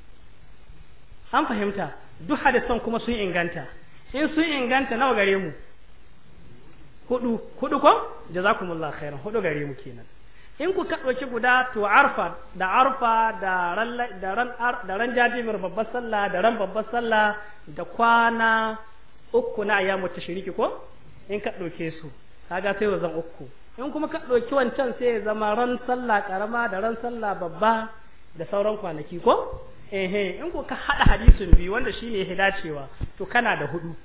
an fahimta duk hadisan kuma sun inganta in sun inganta nawa gare mu hudu hudu ko jazakumullah khairan hudu gare mu kenan in ku ka dauki guda to arfa da arfa da ran da ran da ran jajibir babbar sallah da ran babbar sallah da kwana uku na ayyamu tashriki ko in ka ɗauke su kaga sai wazan uku in kuma ka ɗauki wancan sai ya zama ran sallah karama da ran sallah babba da sauran kwanaki ko ehe in ko ka haɗa hadisin biyu wanda shine ya dacewa to kana da hudu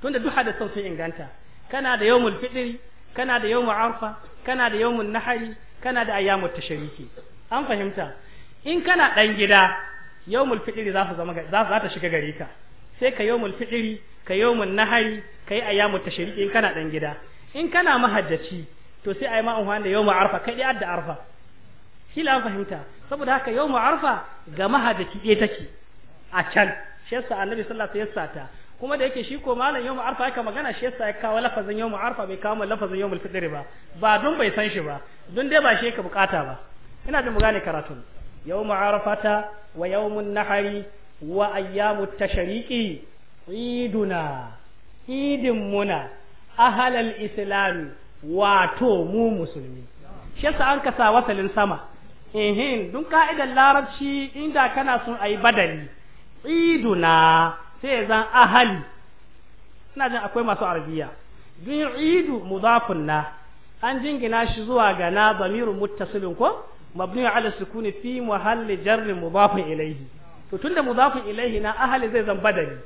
tunda duk sau sun inganta kana da yawmul fitri kana da yawmul arfa kana da yawmul nahari kana da ayyamut tashriki an fahimta in kana dan gida yawmul fitri za su zama za ta shiga gare ka sai ka yawmul fitri ka yawmun nahari ka yi ayyamu tashriq in kana dan gida in kana mahajjaci to sai ayi ma'an da yawmu arfa kai dai adda arfa shi la fahimta saboda haka yau arfa ga mahajjaci ɗaya take a can shi yasa annabi sallallahu alaihi wasallam ta kuma da yake shi ko malam yawmu arfa yake magana shi yasa ya kawo lafazin yawmu arfa bai kawo lafazin yawmul fitri ba ba don bai san shi ba don dai ba shi yake bukata ba ina jin mu gane karatun yawmu arfata wa mun nahari wa ayyamu tashriqi iduna idin muna ahalal islam wato mu musulmi shi yasa an kasa wasalin sama ehin dun ka'idar larabci inda kana son ayi badali iduna sai zan ahali ina jin akwai masu arabiya dun idu mudafun na an jingina shi zuwa ga na damirun muttasilin ko mabni ala sukuni fi mahalli jarrin mudafun ilaihi to tunda mudafun ilaihi na ahali zai zan badali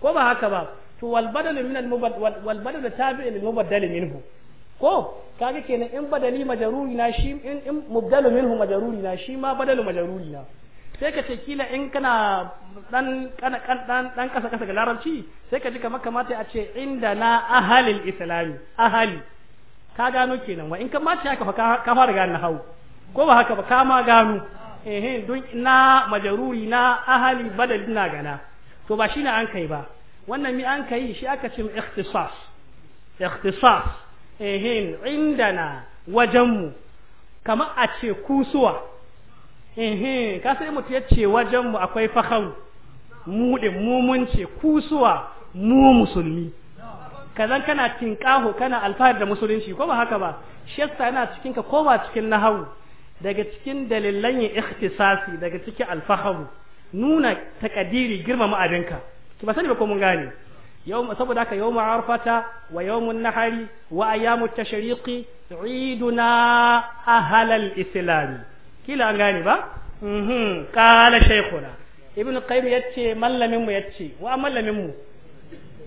ko ba haka ba to wal badalu min al mubaddal wal badalu tabi'un lil mubaddal minhu ko kaga kenan in badali majruri na shi in in mubdalu minhu majruri na shi ma badalu majruri na sai ka ce kila in kana dan kana dan dan kasa kasa ga larabci sai ka ji kamar kamata a ce inda na ahalil islami ahali ka gano kenan wa in kamata mace haka fa ka fara gane hau ko ba haka ba ka ma gano eh don na majaruri na ahali badal na gana to ba shine an kai ba wannan mi an kai shi aka ce ikhtisas ikhtisas eh indana wajenmu kama a ce kusuwa eh ka sai mutu ya ce wajenmu akwai fakhar mu din mu mun ce kusuwa mu musulmi kazan kana tinkaho kana alfahar da musulunci ko ba haka ba shi yasa yana cikin ka ko ba cikin nahawu daga cikin dalilan yin ikhtisasi daga ciki alfahamu nuna takadiri girmama abinka ki ba sani ba ko mun gane yau saboda haka yawmu arfata wa yawmun nahari wa ayyamu tashriqi iduna ahalal islam kila an gane ba mhm qala shaykhuna ibnu qayyim yace mallamin mu yace wa mallamin mu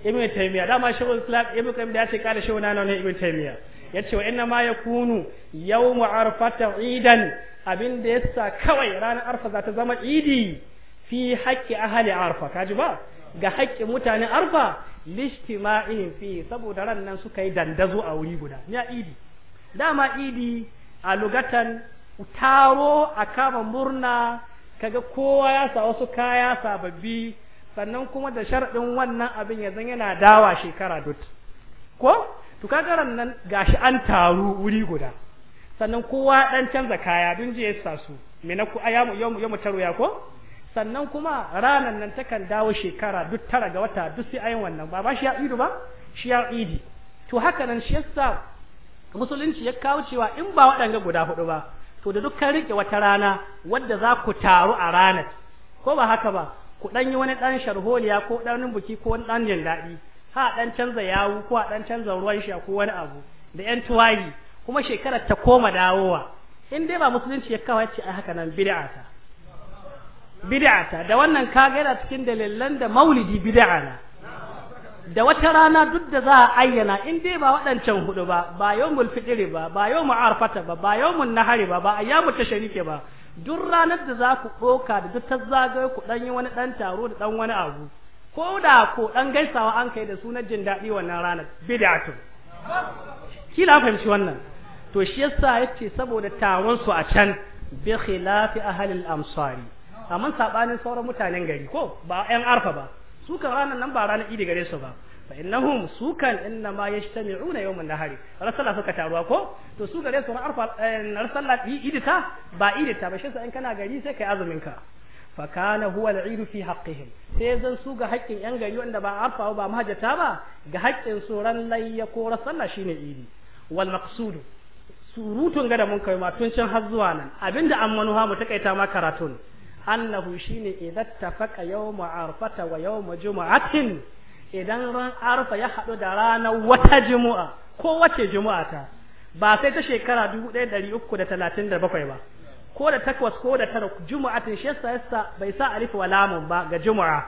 ibnu taymiya dama shaykhul islam ibnu qayyim da yace qala shaykhuna ne ibnu taymiya Ya ce wa inna ma kunu yawmu arfata idan abin da yasa kawai ranar arfa za ta zama idi fi haƙƙi ahali arfa kaji ba ga haƙƙi mutane arfa lishtima'in fi saboda ran nan suka yi dandazo a wuri guda ya idi dama idi a lugatan taro a kama murna kaga kowa ya sa wasu kaya sababbi sannan kuma da sharɗin wannan abin ya zan yana dawa shekara duk ko to kaga nan gashi an taru wuri guda sannan kowa dan canza kaya dun je ya su me na ku ayamu yau mu taro ya ko sannan kuma ranan nan ta kan dawo shekara duk tara ga wata duk sai ayin wannan ba ba shi ya idu ba shi ya idi to haka nan shi yasa musulunci ya kawo cewa in ba waɗanga guda hudu ba to da dukkan rike wata rana wadda za ku taru a ranar ko ba haka ba ku dan yi wani dan sharholiya ko dan buki ko wani dan jin daɗi ha dan canza yawu ko a dan canza ruwan sha ko wani abu da yan tuwayi kuma shekarar ta koma dawowa in dai ba musulunci ya kawai ce a haka nan bid'a ta bid'a ta da wannan kaga yana cikin dalilan da maulidi bid'a na da wata rana duk da za a ayyana in dai ba waɗancan hudu ba ba yawmul fitri ba ba yawmul arfata ba ba yawmul nahari ba ba ayyamu tashrike ba duk ranar da za ku ɗoka da duk ta zagaye ku ɗan yi wani ɗan taro da dan wani abu ko da ko dan gaisawa an kai da sunan jin daɗi wannan ranar bid'atu kila fahimci wannan to shi yasa yace saboda taron su a can bi khilafi ahli al-amsari amma sabanin sauran mutanen gari ko ba ɗan arfa ba su kan ranar nan ba ranar idi gare su ba fa innahum su kan inna ma yajtami'una yawman nahari rasulullah suka taruwa ko to su gare su ran arfa eh, rasulullah idi ta ba idi ta ba shi yasa in kana gari sai kai azumin ka fa kana huwa al fi haqqihim sai zan su ga haƙƙin yan gari wanda ba arfa ba mahajjata ba ga haƙƙin su ran ya kora rasanna shine idi wal maqsud surutun gada mun kai ma tun can har zuwa nan abinda an manuha mu takaita ma karatun annahu shine idza tafaqa yawma arfata wa yawma jumu'atin idan ran arfa ya hadu da ranar wata jumu'a ko wace jumu'a ta ba sai ta shekara 1337 ba ko da takwas ko da tara tun shi yasa bai sa alif wa lamun ba ga juma'a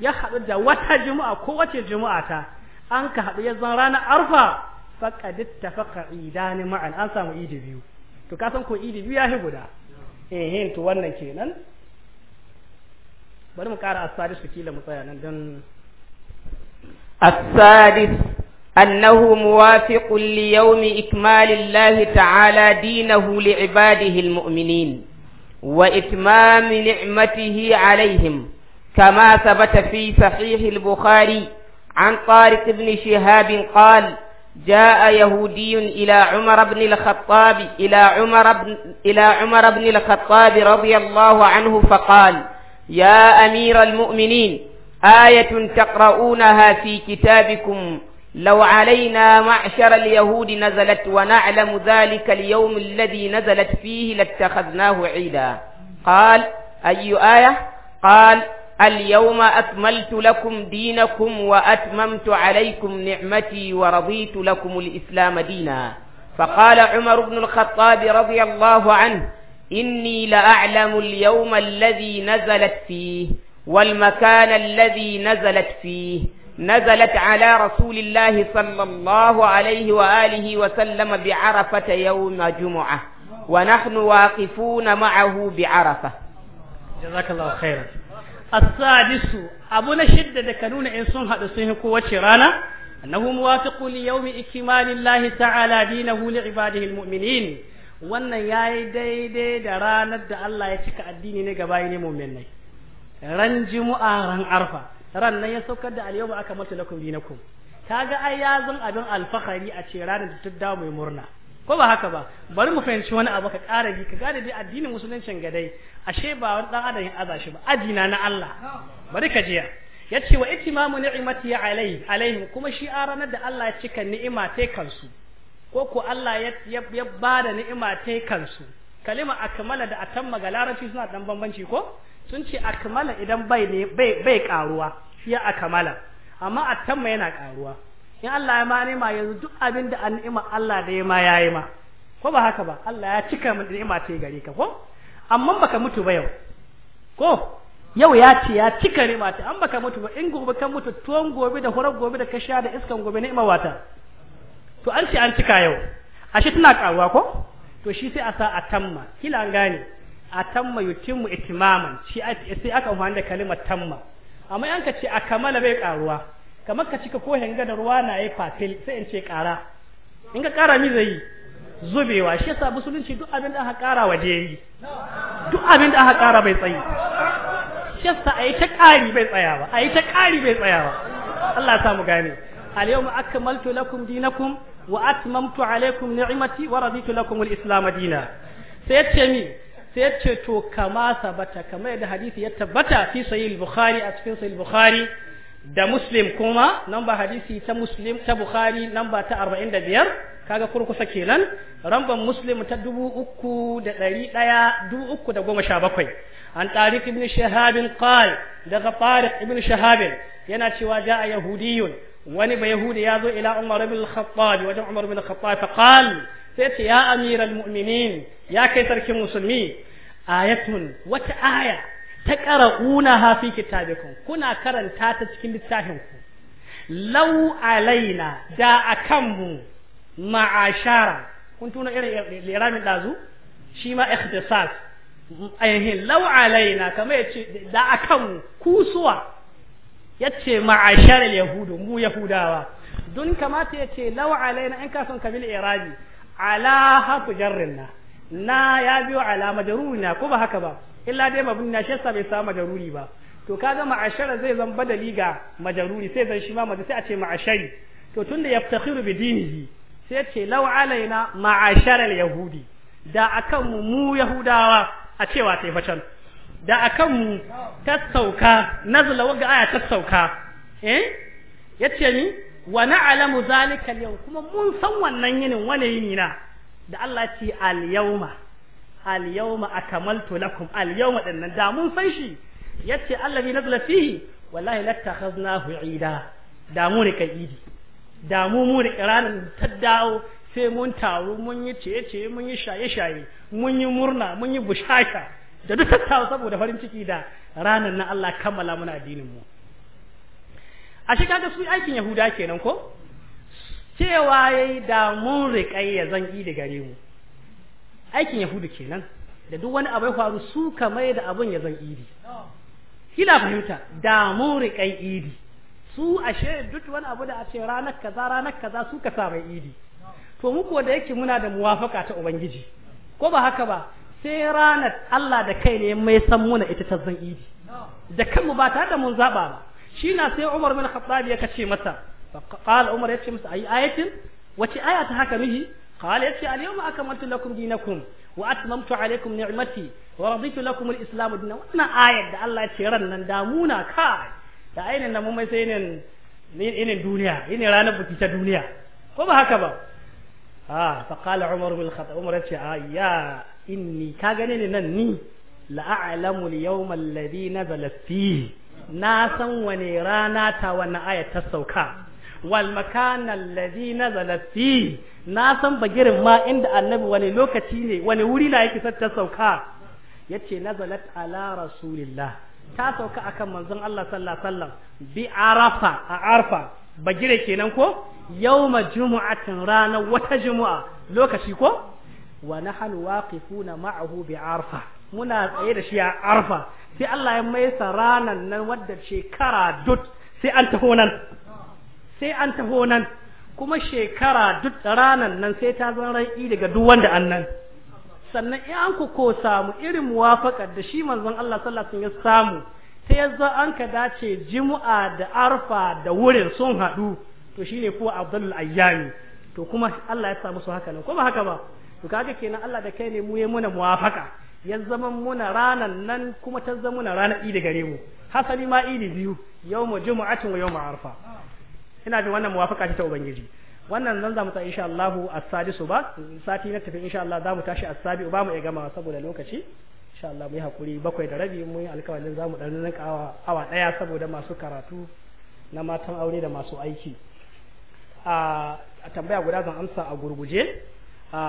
ya haɗu da wata juma'a ko wace juma'a ta an ka haɗu ya zan ranar arfa faqad ittafaqa idani ma'an an samu idi biyu to ka san ko idi biyu ya yahi guda eh to wannan kenan bari mu ƙara asali su kila mu tsaya nan don السادس أنه موافق ليوم إكمال الله تعالى دينه لعباده المؤمنين وإتمام نعمته عليهم كما ثبت في صحيح البخاري عن طارق بن شهاب قال جاء يهودي إلى عمر بن الخطاب إلى عمر بن إلى عمر بن الخطاب رضي الله عنه فقال يا أمير المؤمنين آية تقرؤونها في كتابكم لو علينا معشر اليهود نزلت ونعلم ذلك اليوم الذي نزلت فيه لاتخذناه عيدا قال أي آية قال اليوم أكملت لكم دينكم وأتممت عليكم نعمتي ورضيت لكم الإسلام دينا فقال عمر بن الخطاب رضي الله عنه إني لأعلم اليوم الذي نزلت فيه والمكان الذي نزلت فيه نزلت على رسول الله صلى الله عليه وآله وسلم بعرفة يوم جمعة ونحن واقفون معه بعرفة جزاك الله خيرا السادس أبو نشد دكانون إنسان هذا سنه قوة رانا أنه موافق ليوم إكمال الله تعالى دينه لعباده المؤمنين wannan ya yi daidai da ranar da Allah ya cika addini ne gaba ne muminai ran jimu'a ran arfa rannan ya saukar da aka mace na kun ta ga ai ya zan abin alfahari a ce ranar da ta mai murna ko ba haka ba bari mu fahimci wani abu ka kara bi ka gane dai addinin musuluncin gadai ashe ba wani dan adam ya aza shi ba ajina na Allah bari ka jiya yace wa itimamu ni'mati alai alaihim kuma shi a ranar da Allah ya cika ni'ima ta kansu ko ko Allah ya ya bada ni'ima ta kansu kalima akmala da atamma ga larabci suna dan bambanci ko sun ce akmala idan bai ne bai bai karuwa ya akmala amma atamma yana karuwa in Allah ya ma yanzu duk abin da ni'ima Allah da ya ma yayi ma ko ba haka ba Allah ya cika mu ni'ima ta gare ka ko amma baka mutu ba yau ko yau ya ce ya cika ni'ima ta an baka mutu ba in gobe kan mutu tuwon gobe da horar gobe da kashiya da iskan gobe ni'ima wata to an ce an cika yau ashe tana karuwa ko to shi sai a sa tamma kila an gane atamma yutimmu itimaman shi sai aka amfani da kalimar tamma amma an ka ce a kamala bai karuwa kamar ka cika ko hanga da ruwa na yi fatil sai in ce kara in ka kara mi zai zubewa shi yasa musulunci duk abin da aka kara waje yi duk abin da aka kara bai tsayi shi yasa a yi ta kari bai tsayawa a yi ta kari bai tsayawa Allah ya mu gane al yawma akmaltu lakum dinakum wa atmamtu alaikum ni'mati wa raditu lakum al-islam dina sai yace mi sai yace to kama sabata kamar da hadisi ya tabbata fi sahih al-bukhari a cikin sahih al-bukhari da muslim kuma namba hadisi ta muslim ta bukhari namba ta 45 kaga kurkusa kenan ramban muslim ta 3100 3317 an tariq ibn shahab qal daga tariq ibn shahab yana cewa jaa yahudiyyun wani ba yahudi ya zo ila umar bin al-khattab wajen umar bin al-khattab fa qal sai ce ya amiral mu'minin ya kai sarkin musulmi ayatun wata aya ta qara'una ha fi kitabikum kuna karanta ta cikin littafin ku law alaina da akan mu ma'ashara kun tuna irin liramin dazu shi ma ikhtisas ainihin law alaina kamar yace da akan kusuwa yace ma'ashar yahudu mu yahudawa dun kamata yace law alaina in ka son kabil irabi ala hafu na ya biyo ala majruna ko ba haka ba illa dai mabni na shesa bai samu majruri ba to kaga ma'asharar zai zan badali ga majruri sai zan shi ma sai a ce ma'ashari to tunda yaftakhiru bi dinihi sai ce law alaina ma'ashar yahudi da akan mu yahudawa a cewa sai facan da akan mu ta sauka nazala waga aya ta sauka eh yace ni wa na'lamu zalika al kuma mun san wannan yinin wane yini na da Allah ce al yawma al yawma akamaltu lakum al yawma dinnan da mun san shi yace allazi nazala fihi wallahi lattakhadnahu ida da mu ne kai idi da mu mu ne ranar ta dawo sai mun taru mun yi ciye-ciye mun yi shaye-shaye mun yi murna mun yi bushasha da duk tattawa saboda farin ciki da ranar nan Allah kammala muna addinin mu a shi kaga su aikin yahuda kenan ko cewa yayi da mun ya zangi da gare mu aikin yahudu kenan da duk wani abai faru su mai da abun ya zan idi kila fahimta da mun riƙai idi su ashe duk wani abu da a ce ranar kaza ranar kaza su ka sa mai idi to mu ko da yake muna da muwafaka ta ubangiji ko ba haka ba sai ranar Allah da kai ne mai san muna ita ta zan idi da kanmu ba tare da mun zaba ba shi na sai Umar bin Khattab ya kace masa qala Umar ya ce masa ayi ayatin wace aya ta haka mihi qala ya ce al yawma akmaltu lakum dinakum wa atmamtu alaykum ni'mati wa raditu lakum al islam dinan wannan ayar da Allah ya ce ran nan Muna kai da ainin nan mun mai sai ne ne duniya ne ranar buki ta duniya ko ba haka ba ah fa qala Umar bin Khattab Umar ya ce ayya inni ka gane ni nan ni la'alamu yawma alladhi nazala na san wani rana ta wannan aya ta sauka wal makana alladhi nazala na san bagirin ma inda annabi wani lokaci ne wani wuri na yake ta sauka yace nazalat ala rasulillah ta sauka akan manzon Allah sallallahu alaihi wasallam bi arafa a arfa bagire kenan ko yawma jumu'atin ranar wata jumu'a lokaci ko wa nahnu waqifuna ma'ahu bi arfa muna tsaye da shi a arfa sai Allah ya mai saranan nan wadda shekara dut sai an taho nan sai an taho nan kuma shekara duk ranan nan sai ta zan rai daga duk wanda annan sannan in an ku ko samu irin muwafaqar da shi manzon Allah sallallahu alaihi wasallam ya samu sai yazo an ka dace jumu'a da arfa da wurin sun haɗu to shine ko afdalul ayyami to kuma Allah ya sa musu haka nan ko ba haka ba to kaga kenan Allah da kai ne mu ya muna muwafaka ya zama muna ranan nan kuma ta zama muna ranar idi gare mu hasali ma idi biyu yawmu jumu'atin wa mu arfa ina jin wannan muwafaka ta ubangiji wannan zan zamu ta insha Allah sadi sadisu ba sati na tafi insha Allah zamu tashi a sabi ba mu iya gama saboda lokaci insha Allah mu yi hakuri bakwai da rabi mu yi alƙawarin zamu dan rinka awa awa daya saboda masu karatu na matan aure da masu aiki a tambaya guda zan amsa a gurguje a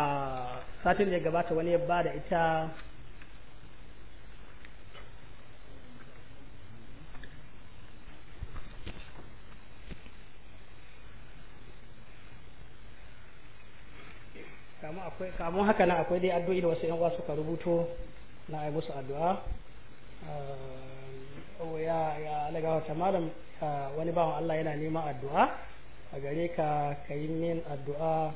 satin da ya gabata wani ya ba da ita kamun haka na akwai dai addu'i da wasu yan uwa suka rubuto na ai musu addu'a oh, ya ya lagawa ta malam wani bawan Allah yana neman addu'a a gare ka ka yi min addu'a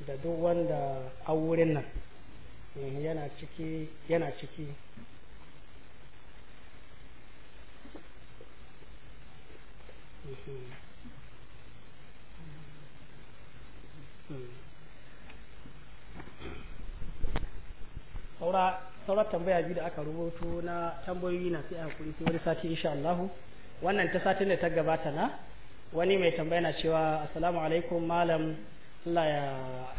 da duk wanda a wurin nan eh, yana ciki yana ciki mhm. saura tambaya biyu da aka rubuto na tambayoyi na sai a hakuri sai wani sati insha Allah wannan ta satin da ta gabata na wani mai tambaya na cewa assalamu alaikum malam Allah ya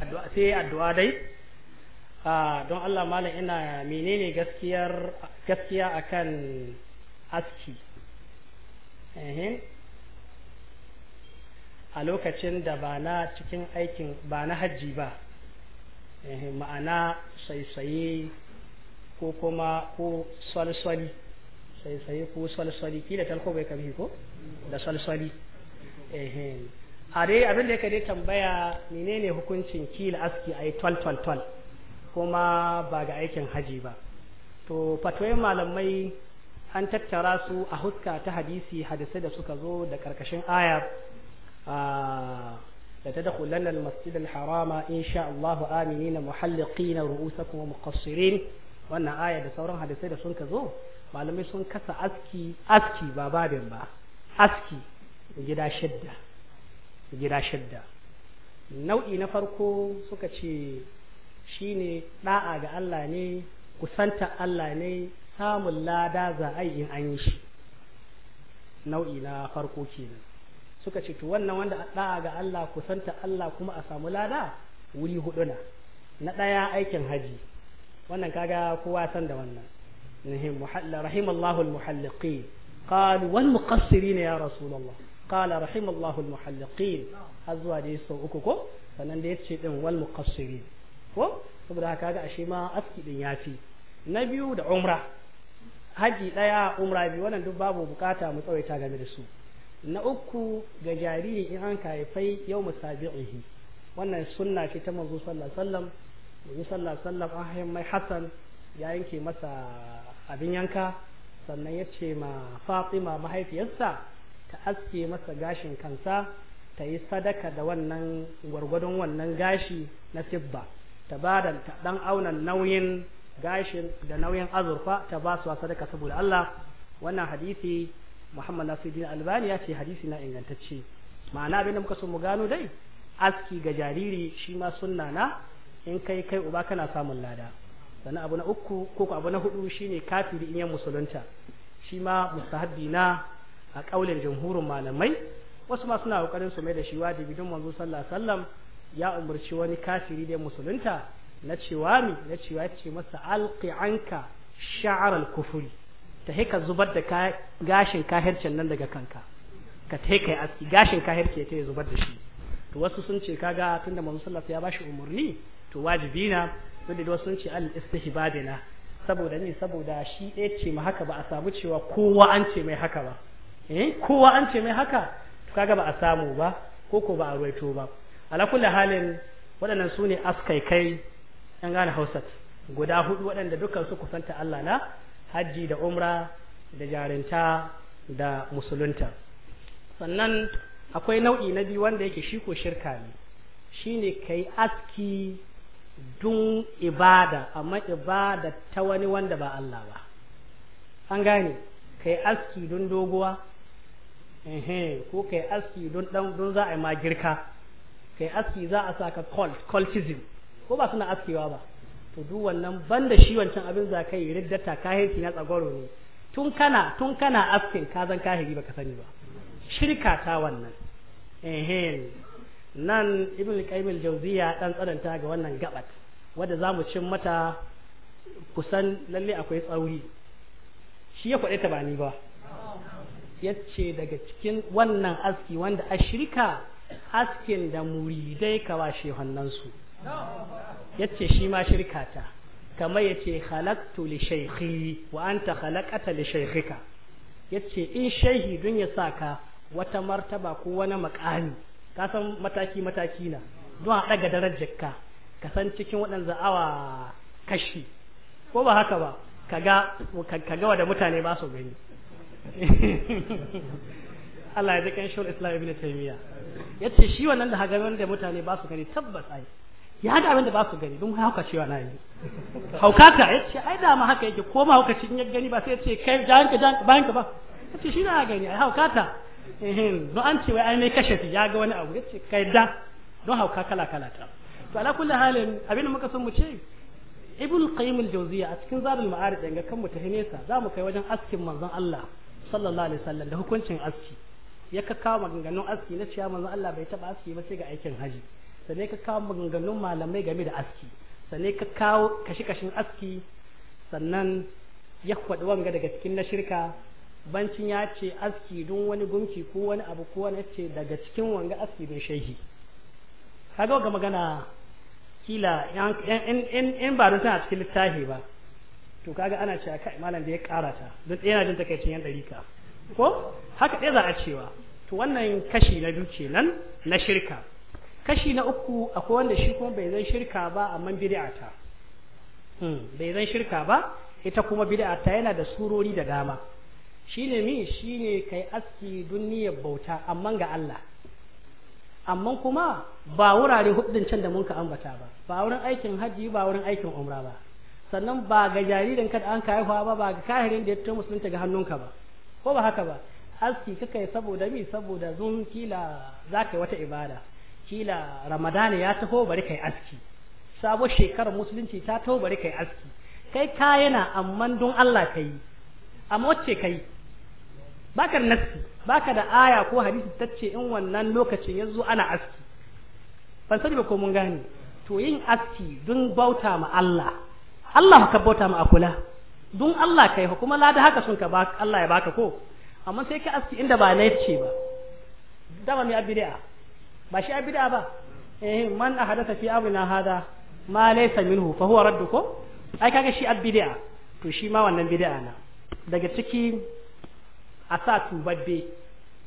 addu'a sai addu'a dai a ah, don Allah malam ina menene gaskiyar gaskiya akan aski a lokacin da ba na cikin aikin ba na hajji ba ma'ana saisaye ko kuma ko swalswali saisaye ko swalswali kila talko bai kami ko da swalswali a dai abin da yake dai tambaya menene hukuncin kila aski a yi twal twal twal kuma ba ga aikin haji ba to fatoyin malamai an tattara su a huska ta hadisi hadisai da suka zo da karkashin aya da ta dakhulanna al-masjid al-harama insha Allah aminina muhalliqina ru'usakum wa muqassirin wannan aya da sauran hadisai da suka zo malamai sun kasa aski aski ba babin ba aski gida shidda gida shidda nau'i na farko suka ce ne ɗa'a ga Allah ne kusanta Allah ne samun lada za a yi in an yi shi nau'i na farko kenan suka ce to wannan wanda ɗa'a ga Allah kusanta Allah kuma a samu lada wuri hudu na na ɗaya aikin haji wannan kaga kowa san da wannan rahimallahu muhalla rahimallahu wani mu wal ne ya rasulullah qala rahimallahu almuhalliqin har zuwa da sau uku ko sannan da ce din wal muqassirin ko saboda haka ga ashe ma aski din yafi na biyu da umra haji daya umra biyu wannan duk babu bukata mu tsawaita game da su na uku ga jariri in an fai yau musabi'ihi wannan sunna ce ta manzo sallallahu alaihi wasallam manzo sallallahu wasallam an hayyan mai hasan ya yanke masa abin yanka sannan ya ce ma fatima mahaifiyarsa ta aske masa gashin kansa ta yi sadaka da wannan gwargwadon wannan gashi na sibba ta ba da dan auna nauyin gashin da nauyin azurfa ta ba su sadaka saboda Allah wannan hadisi Muhammad Nasiruddin Albani ya ce hadisi na ingantacce ma'ana abin da muka so mu gano dai aski ga jariri shi ma sunna na in kai kai uba kana samun lada sannan abu na uku ko abu na hudu shine kafiri in ya musulunta shi ma mustahabbi na a kaulin jamhurin malamai wasu ma suna kokarin su mai da shi wajibi don manzo sallasallam ya umarci wani kafiri da musulunta na cewa mi na cewa ya ce masa alqi anka sha'ar kufuri ta hika zubar da gashin kahircin nan daga kanka ka ta hika aski gashin kahirce ta zubar da shi to wasu sun ce kaga tunda manzo sallasallam ya bashi umarni to wajibi na duk da sun ce al istihbadina saboda ni saboda shi ɗaya ce ma haka ba a samu cewa kowa an ce mai haka ba eh kowa an ce mai haka kaga ba a samu ba ko ko ba a ruwaito ba ala kulli halin waɗannan su ne askaikai an gane Hausa guda hudu waɗanda dukkan su kusanta Allah na hajji da umra da jarinta da musulunta sannan akwai nau'i na biyu wanda yake shi ko shirka ne shine kai aski dun ibada amma ibada ta wani wanda ba Allah ba an gane kai aski dun doguwa ehe ko kai aski don dan don za a yi magirka kai aski za a saka cult cultism ko ba suna askewa ba to duk wannan banda shi wancan abin za ka yi riddata kahirci na tsagoro ne tun kana tun kana askin ka zan ka kahiri baka sani ba shirka ta wannan ehe nan ibn qayyim al-jawziya dan tsananta ga wannan gabat wanda zamu cin mata kusan lalle akwai tsauri shi ya kwade ta ba ni ba yace daga cikin wannan aski wanda ashirika askin da muridai ka shehannan su yace shi ma shirka ta kamar yace khalaqtu li shaykhi wa anta khalaqata li shaykhika yace in shehi dun ya saka wata martaba ko wani makami ka san mataki mataki na don a daga darajar ka san cikin waɗanda awa kashi ko ba haka ba kaga kaga wanda mutane ba su gani Allah ya ji kan shawar Islam ibn Taymiyyah ya ce shi wannan da hagamin da mutane ba su gani tabbas ai ya ga abin da ba su gani don hauka cewa na yi haukata ya ce ai dama haka yake ko ma hauka cikin ya gani ba sai ya ce kai janka bayan ka ba ya ce shi na gani ai ta ehin don an ce wai ai mai kashafi ya ga wani abu ya ce kai da don hauka kala kala ta to ala kulli halin abin da muka san mu ce ibn qayyim al-jawziya a cikin zadul ma'arij ga kan mu ta hinesa za mu kai wajen askin manzon Allah sallallahu alaihi wasallam da hukuncin aski ya ka kawo maganganun aski na cewa manzon Allah bai taba aski ba sai ga aikin haji sannan ka kawo maganganun malamai game da aski sannan ka kawo kashi-kashin aski sannan ya kwaɗi wanga daga cikin na shirka bancin ya ce aski don wani gunki ko wani abu ko wani ce daga cikin wanga aski don shehi kaga ga magana kila in ba don tana cikin littafi ba to kaga ana cewa kai malam da ya karata don yana jin takaicin yan ɗarika ko haka ɗaya za a cewa to wannan kashi na biyu nan na shirka kashi na uku akwai wanda shi kuma bai zan shirka ba amma bid'a ta hmm, bai zan shirka ba ita kuma bid'a ta yana da surori da dama shine mi shine kai aski duniyar bauta amma ga Allah amma kuma ba wurare hudun can da mun ka ambata ba ba wurin aikin haji ba wurin aikin umra ba sannan ba ga jaririn ka da an kai ba ba ga kahirin da ya fito musulunta ga hannunka ba ko ba haka ba aski kaka yi saboda mi saboda zun kila za ka yi wata ibada kila ramadana ya taho bari kai aski sabo shekarar musulunci ta taho bari kai aski kai ka yana amman don Allah ka yi amma wacce ka yi baka da nassi baka da aya ko hadisi ta ce in wannan lokacin ya ana aski ban sani ba ko mun gane to yin aski dun bauta ma Allah Allah ka bauta ma akula don Allah kai kuma lada haka sun ka Allah ya baka ko amma sai ka aski inda ba na ce ba dama mai abida ba shi abida ba eh man ahadatha fi amrina hada ma laysa minhu fa huwa radd ko ai kaga shi abida to shi ma wannan bid'a na daga ciki a sa tubabbe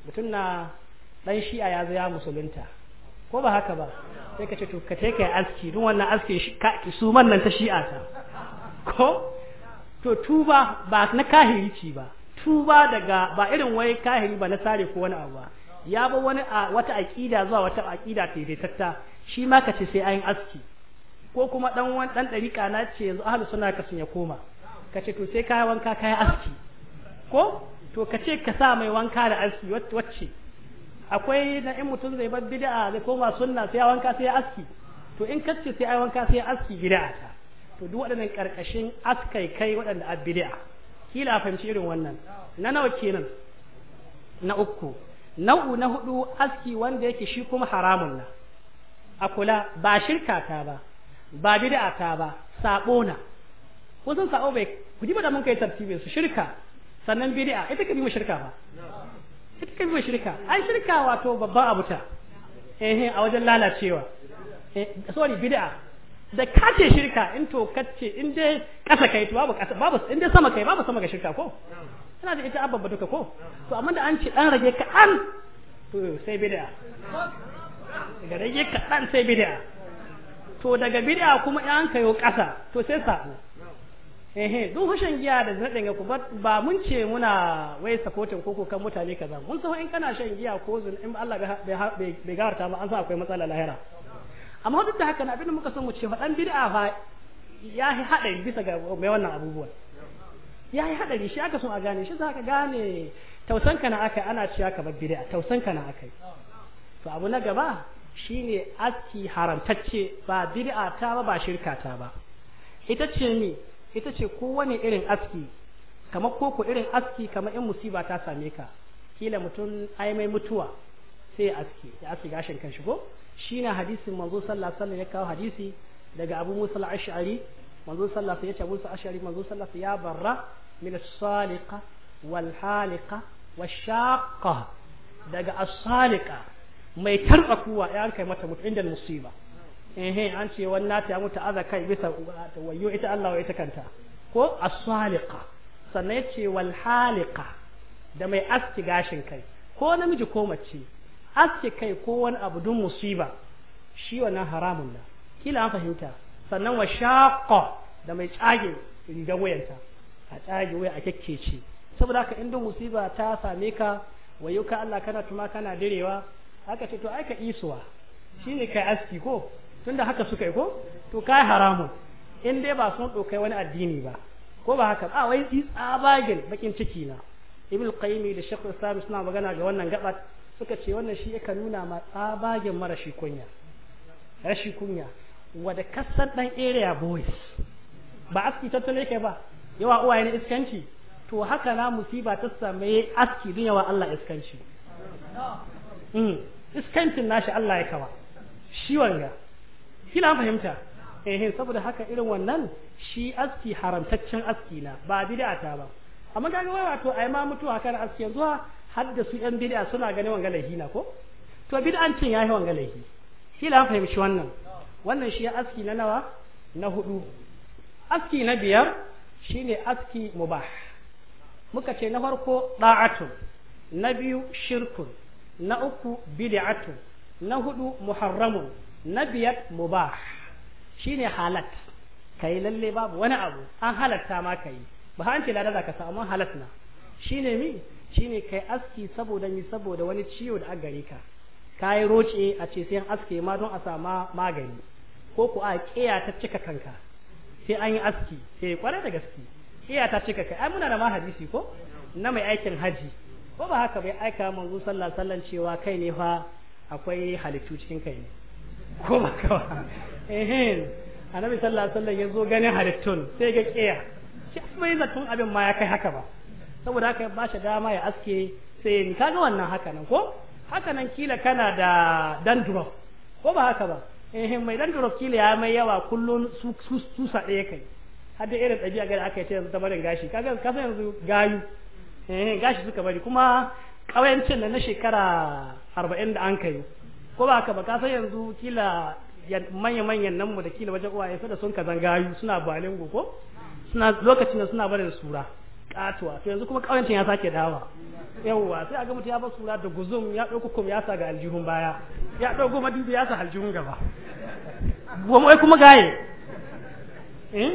mutum na dan shi'a ya zo ya musulunta ko ba haka ba sai ka ce to ka ce kai aski don wannan aski su man nan ta shi'a ta ko to tuba ba na kahiri ci ba tuba daga ba irin wai kahiri ba na sare ko wani abu ba ya ba wani wata aqida zuwa wata aqida tatta shi ma ka ce sai ayin aski ko kuma dan wani dan dariƙa na ce yanzu ahlus sunna ka sun ya koma ka ce to sai kai wanka kai aski ko to ka ce ka sa mai wanka da aski wacce akwai na in mutum zai bar bid'a zai koma sunna sai wanka sai aski to in kace sai ai wanka sai aski bid'a ta to duk waɗannan karkashin askai kai waɗanda a bid'a kila fahimci irin wannan na nawa kenan na uku nau'u na hudu aski wanda yake shi kuma haramun na a kula ba shirka ta ba ba bid'a ta ba sabo na kun sabo bai ku ji ba da mun kai tartibin su shirka sannan bid'a ita ka bi mu shirka ba ita kai mai shirka ai shirka wato babban abu ta eh a wajen lalacewa eh sorry bid'a da kace shirka in to kace in dai kasa kai to babu kasa babu in dai sama kai babu sama ga shirka ko kana da ita abban duka ko to amma da an ce dan rage ka an to sai bid'a Da rage ka dan sai bid'a to daga bid'a kuma in an kayo kasa to sai sabo ehe dun hushin giya da zinaɗin ɗanga kuma ba mun ce muna wai sapotin koko kan mutane kaza mun san kana shan giya ko zun in Allah bai ta ba an san akwai matsala lahira amma duk da haka na da muka san mu ce faɗan bid'a fa ya yi haɗari bisa ga mai wannan abubuwan ya yi haɗari shi aka sun a gane shi za ka gane tausan ka na aka ana ciya ka bar bid'a tausan ka na aka yi. to abu na gaba shine aski haramtacce ba bid'a ta ba ba shirka ta ba ita ce ni ita ce kowane irin aski kamar koko irin aski kamar in musiba ta same ka kila mutum ai mai mutuwa sai ya aski ya aski gashin kan shi ko shi na hadisin manzo sallallahu alaihi wasallam ya kawo hadisi daga Abu Musa al-Ash'ari manzo sallallahu alaihi wasallam ya ce Abu Ash'ari manzo sallallahu alaihi ya barra min as-saliqa wal haliqa wash-shaqqa daga as-saliqa mai tarbakuwa ya kai mata mutu inda musiba Ehe an ce nata ya mutu aza kai bisa wayo ita Allah wa ita kanta ko as-saliqa sannan yace wal haliqa da mai aski gashin kai ko namiji ko mace aski kai ko wani abu dun musiba shi wannan haramun na kila an fahimta sannan wa shaqqa da mai tsage riga wayanta a tsage waya a kekkece saboda haka in dun musiba ta same ka wayo ka Allah kana tuma kana direwa haka ce to ai ka isuwa shine kai aski ko tunda haka suka yi ko to kai haramun in dai ba sun dokai wani addini ba ko ba haka ba wai tsabagen bakin ciki na ibn qayyimi da shaykh islam suna magana ga wannan gaba suka ce wannan shi yake nuna ma tsabagen marashi kunya rashi kunya wada kasan dan area boys ba aski tattalin yake ba yawa uwaye ne iskanci to haka na musiba ta same aski dun yawa Allah iskanci hmm. iskancin nashi Allah ya kawa shi wanga kila fahimta eh saboda haka irin wannan shi aski haramtaccen aski na ba bid'a ta ba amma kaga wai wato ai ma mutuwa kan aski yanzu har da su yan bid'a suna ganin wanga laihi na ko to bid'ancin yayi wanga laihi kila fahimci wannan wannan shi aski na nawa na hudu aski na biyar shine aski mubah muka ce na farko da'atu na biyu shirkun na uku bid'atu na hudu muharramun na biyar mubah shine halat kai lalle babu wani abu an halatta ma kai ba an ce lada ka samu halat na shine mi shine kai aski saboda mi saboda wani ciwo da aka gare ka kai roce a ce sai an aske ma don a sama magani ko ku a kiya ta cika kanka sai an yi aski sai eh, kwarai da gaske kiya ta cika kai ai muna da ma ko na mai aikin haji ko ba haka bai aika manzo sallallahu alaihi wasallam cewa kai ne fa akwai halittu cikin kai ne ko ba ka ba ehin annabi sallallahu alaihi wasallam ya zo ganin halittun sai ga kiya shi bai zaton abin ma ya kai haka ba saboda haka ya bashi dama ya aske sai ni kaga wannan haka nan ko haka nan kila kana da dandruff ko ba haka ba eh mai dandruff kila ya mai yawa kullun su su sa ɗaya kai har da irin ɗabi'a ga aka ce yanzu ta barin gashi kaga ka san yanzu gayu eh gashi suka bari kuma kawayancin nan na shekara 40 da an kai ko ba ka ba ka san yanzu kila manya-manyan nan mu da kila wajen uwaye su da sun ka zangayu suna balingo ko suna lokacin da suna barin sura katuwa to yanzu kuma kawancin ya sake dawa yawwa sai a ga mutum ya bar sura da guzum ya ɗauko kum ya sa ga aljihun baya ya ɗauko madubi ya sa aljihun gaba goma kuma gaye eh?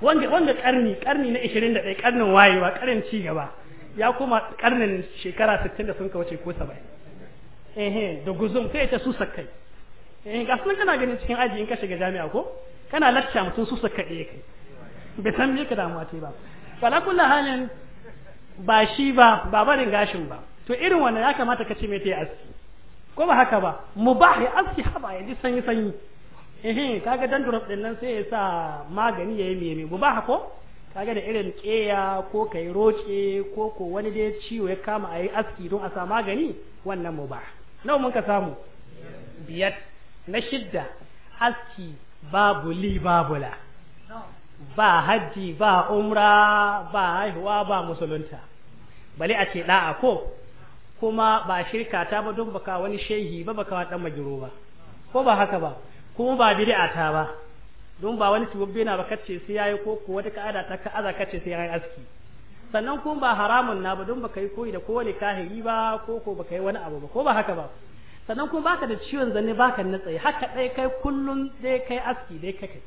wanda wanda karni karni na 21 karnin wayewa karnin ci gaba ya koma karnin shekara 60 da sun ka wuce ko 70 Ehe da guzon kai ta su sakai eh ga sun kana ganin cikin aji in ka shiga jami'a ko kana lacca mutum susa sakai kai bai san me ka damuwa ce ba kala kullu halin ba shi ba ba barin gashin ba to irin wannan ya kamata ka ce me tayi aski ko ba haka ba mubahi aski haba ya ji sanyi sanyi eh kaga drop din nan sai ya sa magani yayi yi me mubaha ko kaga da irin keya ko kai roce ko ko wani dai ciwo ya kama ayi aski don a sa magani wannan mu nawa mun ka samu biyar na shidda aski babu li babula ba hajji ba umra ba haihuwa ba musulunta bale a ce da'a ko kuma ba shirka ta ba duk baka wani shehi ba baka wa dan magiro ba ko ba haka ba kuma ba bid'a ta ba don ba wani tubabbe na ba kace sai yayi ko ko wata ka'ada ta ka'aza kace sai yayi aski sannan kuma ba haramun na ba don baka yi koyi da kowane kahiri ba ko ko baka yi wani abu ba ko ba haka ba sannan kuma baka da ciwon zanne baka na tsaye haka dai kai kullun dai kai aski dai kai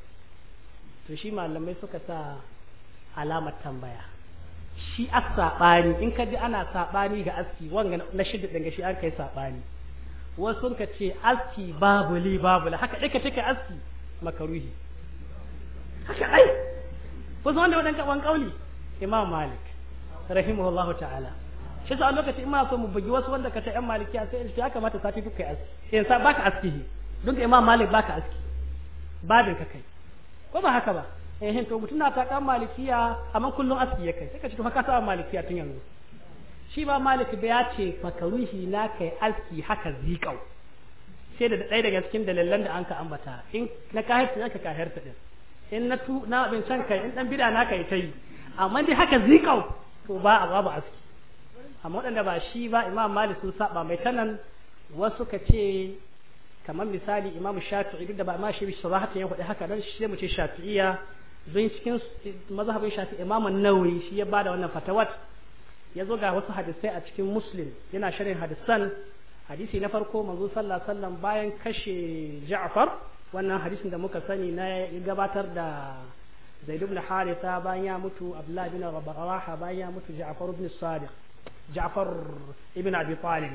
to shi malamai suka sa alamar tambaya shi as saɓani in ka ji ana saɓani ga aski wanga na shida daga shi an kai saɓani wasu sun ka ce aski babu li babu la haka ka take aski makaruhi haka ɗai wasu wanda wadanka wan ƙauli imam malik rahimahullahu ta'ala shi sa lokacin ina so mu bugi wasu wanda ka ta yan malikiya sai in ya kamata sati duka ya aski in eh, sa baka aski duk imam malik baka aski babin ka kai ko ba haka ba eh to mutum na ta kan malikiya amma kullun aski ya kai sai ka ci to haka sa malikiya tun yanzu shi ba malik ba ya ce ruhi na kai aski haka zikau sai da ɗaya daga cikin dalilan da an ka ambata in na kahirta na ka kahirta din in na tu na bin can kai in dan bida na kai ta yi amma dai haka zikau to ba a babu aski amma waɗanda ba shi ba imam malik sun saba mai tanan wasu ka ce kamar misali imam shafi'i duk da ba ma shi sarahatan ya faɗi haka dan shi mu ce shafi'iya don cikin mazhabin shafi'i imam an shi ya bada wannan fatawat ya zo ga wasu hadisai a cikin muslim yana sharhin hadisan hadisi na farko manzo sallallahu alaihi wasallam bayan kashe ja'far wannan hadisin da muka sani na gabatar da زيد بن حارثة بان ya mutu الله بن rabaha بان ya mutu بن ibn جعفر ابن ibn طالب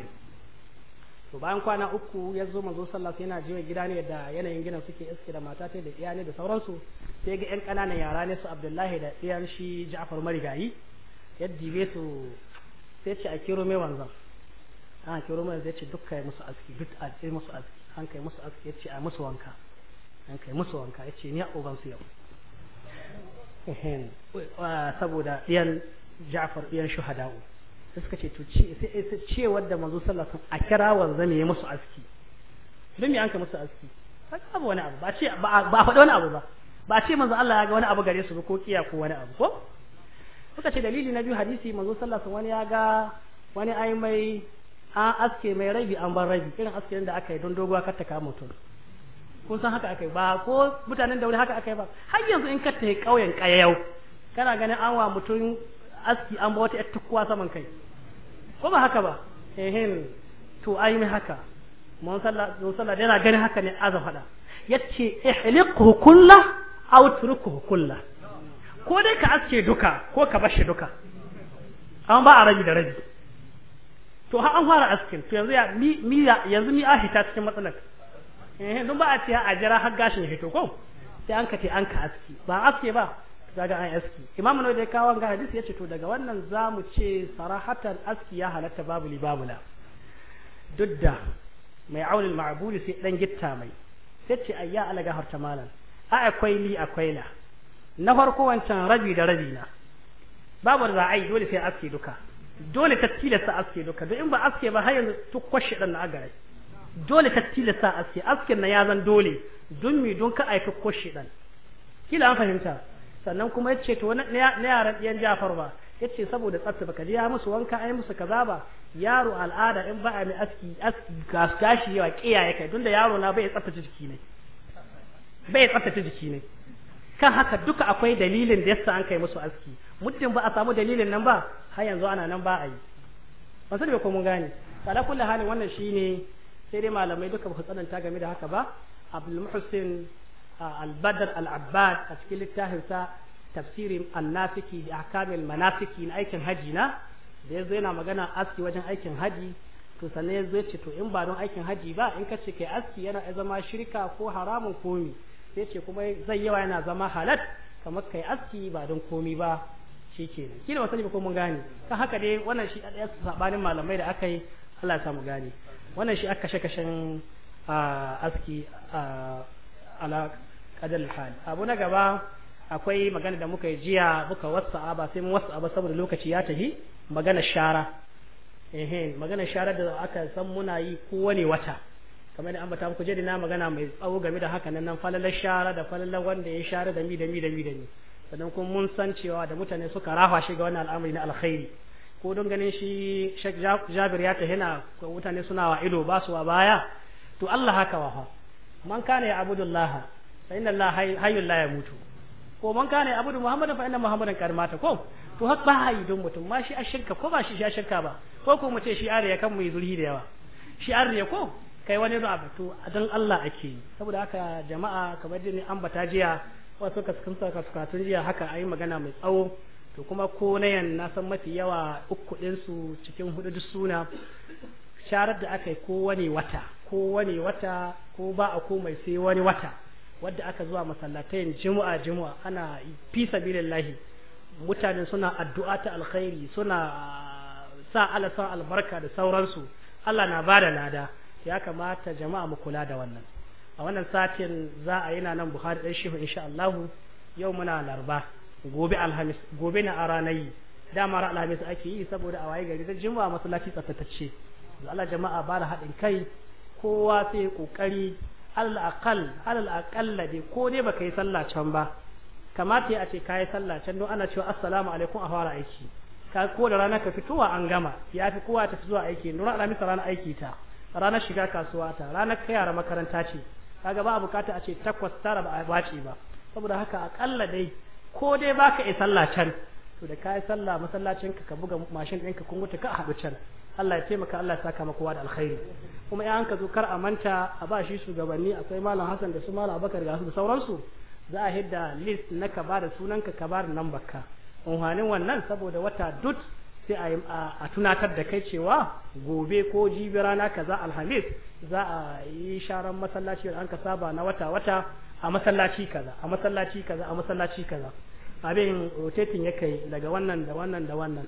to bayan kwana uku ya zo manzo sallallahu alaihi yana jiwa gida ne da yanayin gina suke iske da mata da iya ne da sauransu sai ga yan kananan yara ne su abdullahi da iyan shi ja'far marigayi yaddi be su sai ce a kiro mai wanzan a kiro mai zai ce dukka ya musu aski duk a musu aski an kai musu aski ya ce a musu wanka an kai musu wanka ya ce ni a uban su yau saboda yan Ja'far yan shuhada'u sai suka ce to ce wadda manzo sallallahu alaihi wasallam a kira wanzan ne musu aski dan me an ka musu aski haka abu wani abu ba ce ba faɗi wani abu ba ba ce manzo Allah ya ga wani abu gare su ba ko kiya ko wani abu ko suka ce dalili na biyu hadisi manzo sallallahu alaihi wasallam wani ya ga wani ai mai an aske mai rabi an bar rabi irin aske da aka yi don doguwa kar ta kama mutum kun san haka akai ba ko mutanen da wuri haka akai ba har yanzu in ka tafi ƙauyen ƙayayau kana ganin an wa mutum aski an ba wata yar tukkuwa saman kai ko ba haka ba ehin to ai mai haka mun sallah mun sallah yana ganin haka ne azan fada yace ihliqhu kulla aw turkuhu kulla ko dai ka aske duka ko ka shi duka an ba a rabi da rabi to har an fara askin to yanzu ya mi yanzu mi a hita cikin matsalar eh don ba a ce a jira har gashin hito ko sai an ka ce an ka aski ba aske ba kaga an aski imam nawawi da kawo ga hadisi yace to daga wannan zamu ce sarahatan aski ya halatta babu li babula duk da mai aulil sai dan gitta mai sai ce ayya alaga harta malan a akwai li akwai la na farko wancan rabi da rabi na babu da ai dole sai aske duka dole ta tilasta aske duka don in ba aske ba har yanzu duk dan na agarai dole ka tilasta aske asken na ya zan dole don mi don ka aika ko shedan kila an fahimta sannan kuma yace to na yaran ɗiyan Jafar ba yace saboda tsafta baka je ya musu wanka ai musu kaza ba yaro al'ada in ba a mai aski aski gashi yawa kiyaye kai tunda yaro na bai tsaftace jiki ne bai tsaftace jiki ne kan haka duka akwai dalilin da yasa an kai musu aski muddin ba a samu dalilin nan ba har yanzu ana nan ba a yi ba sai ko mun gane kala kullu halin wannan shine sai dai malamai duka ba su tsananta game da haka ba abdul muhsin al-badr al-abbad a cikin littafin sa tafsirin annafiki da akamil manafiki na aikin haji na da ya yana magana aski wajen aikin haji to sannan ya ce to in ba don aikin haji ba in ka ce kai aski yana zama shirka ko haramun komi sai ce kuma zai yawa yana zama halat kamar kai aski ba don komi ba shi kenan kila wasu ne ko mun gane kan haka dai wannan shi ɗaya saɓanin malamai da aka yi Allah ya samu gane wannan shi aka kashe-kashen aski ala kadar hali abu na gaba akwai magana da muka yi jiya muka wasa ba sai mun wasa ba saboda lokaci ya tafi magana shara ehe magana shara da aka san muna yi kowane wata kamar da an bata muku jadi na magana mai tsawo game da haka nan falalar shara da falalar wanda ya shara da mi da mi da mi da mi sannan kuma mun san cewa da mutane suka rafa shi ga wannan al'amari na alkhairi ko don ganin shi Sheikh Jabir ya tahina ko mutane suna wa ido ba su wa baya to Allah haka wa fa man kana ya abudullah fa inna Allah hayyul la yamutu ko man kana ya abudu Muhammadan fa inna Muhammadan kad mata ko to haka ba hayi don mutum ma shi ashirka ko ba shi shi ashirka ba ko ko mu ce shi arya kan mu zurhi da yawa shi arya ko kai wani da abu to don Allah ake yi saboda haka jama'a kamar da ni ambata jiya wasu kaskan tun jiya haka ayi magana mai tsawo to kuma ko na yan na san mafi yawa uku ɗinsu cikin hudu duk suna sharar da aka yi ko wani wata ko wani wata ko ba a komai sai wani wata wadda aka zuwa masallatai jimu'a jimu'a ana fi sabilillahi mutane suna addu'a ta alkhairi suna sa alasan albarka da sauransu Allah na bada lada ya kamata jama'a mu kula da wannan a wannan satin za a yi na nan Buhari ɗan shehu insha Allah yau muna larba gobe alhamis gobe na a ranar yi dama ran alhamis ake yi saboda a waye gari zai jima masallaci tsaftatacce da Allah jama'a ba da haɗin kai kowa sai kokari alal aqal da ko dai baka yi sallah can ba kamata ya ce ka yi sallah can don ana cewa assalamu alaikum a fara aiki ka ko da rana ka fitowa an gama ya fi kowa ta zuwa aiki nura alhamis rana aiki ta ranar shiga kasuwa ta ranar kai yara makaranta ce kaga ba bukata a ce takwas tara ba a bace ba saboda haka aƙalla dai ko dai ba ka yi sallah can to da ka yi sallah masallacin ka ka buga mashin ɗinka kun wuce ka haɗu can Allah ya taimaka Allah ya saka maka kowa da alkhairi kuma ya hanka zo kar a manta a ba shi shugabanni akwai malam Hassan da su malam Abubakar ga su da sauransu za a hidda list na ka ba da sunanka ka ba da number ka unhanin wannan saboda wata dut sai a tunatar da kai cewa gobe ko jibi rana kaza alhamis za a yi sharan masallaci da an ka saba na wata-wata a masallaci kaza a masallaci kaza a masallaci kaza abin rotating ya kai daga wannan da wannan da wannan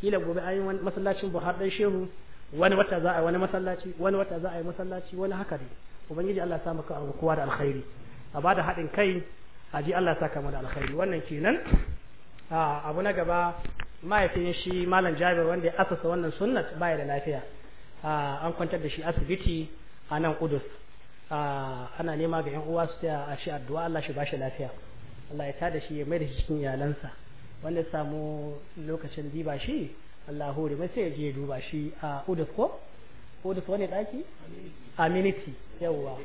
kila gobe ayi masallacin buhar dan shehu wani wata za a wani masallaci wani wata za a yi masallaci wani haka dai ubangiji Allah ya sa maka kowa da alkhairi a bada haɗin kai a ji Allah ya saka mu da alkhairi wannan kenan abu na gaba mahaifin shi malam jabir wanda ya asasa wannan sunnat baya da lafiya an kwantar da shi asibiti a nan kudus ana nema ga yan uwa su taya a shi addu'a Allah shi bashi lafiya Allah ya da shi ya mai da shi cikin iyalansa wanda ya samu lokacin diba shi Allah hore mai sai ya je duba shi a Udus ko Udus wani daki Amenity yawa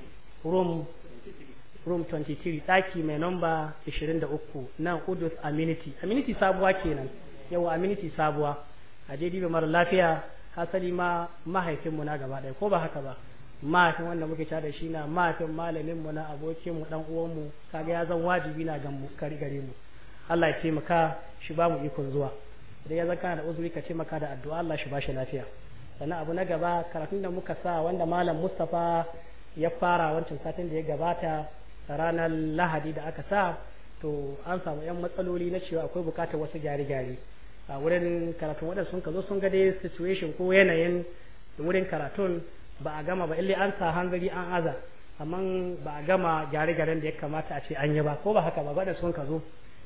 room room 23 daki mai namba 23 nan Udus Amenity Amenity sabuwa kenan yawa Amenity sabuwa a je diba mara lafiya hasali ma mahaifinmu na gaba ɗaya ko ba haka ba mafin wanda muke ta da shi na mafin malamin mu na abokin mu dan uwan mu kaga ya zan wajibi na ga mu kari gare mu Allah ya taimaka shi ba mu ikon zuwa idan ya zaka da uzuri ka taimaka da addu'a Allah shi ba shi lafiya sannan abu na gaba karatun da muka sa wanda malam Mustafa ya fara wancan satin da ya gabata ranar Lahadi da aka sa to an samu yan matsaloli na cewa akwai bukatar wasu gyare-gyare a wurin karatun wadanda sun ka zo sun ga dai situation ko yanayin wurin karatun ba a gama ba illai an sa hanzari an aza amma ba a gama gyare-gyaren da ya kamata a ce an yi ba ko ba haka ba ba da sun ka zo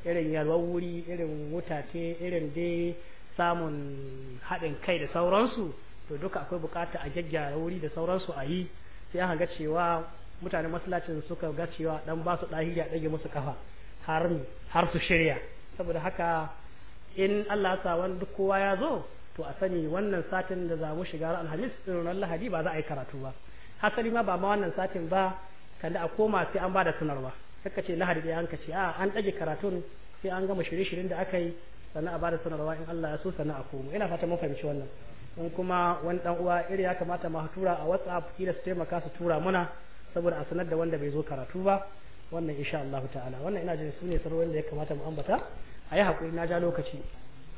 irin yalwar wuri irin wutace irin dai samun haɗin kai da sauransu to duka akwai bukata a gyaggyara wuri da sauransu a yi sai aka ga cewa mutane masallacin suka ga cewa dan ba su ɗahiri a ɗage musu kafa har har su shirya saboda haka in Allah ya sa wani duk kowa ya zo to a sani wannan satin da za mu shiga alhamis din ran lahadi ba za a yi karatu ba hasali ma ba ma wannan satin ba kanda a koma sai an bada sanarwa kaka ce lahadi dai an kace a an dage karatun sai an gama shirye-shiryen da aka yi sannan a bada sanarwa in Allah ya so sannan a komo ina fata mun fahimci wannan in kuma wani dan uwa iri ya kamata ma tura a WhatsApp kila su taimaka su tura muna saboda a sanar da wanda bai zo karatu ba wannan insha Allah ta'ala wannan ina jin sune ne da ya kamata mu ambata a yi haƙuri na ja lokaci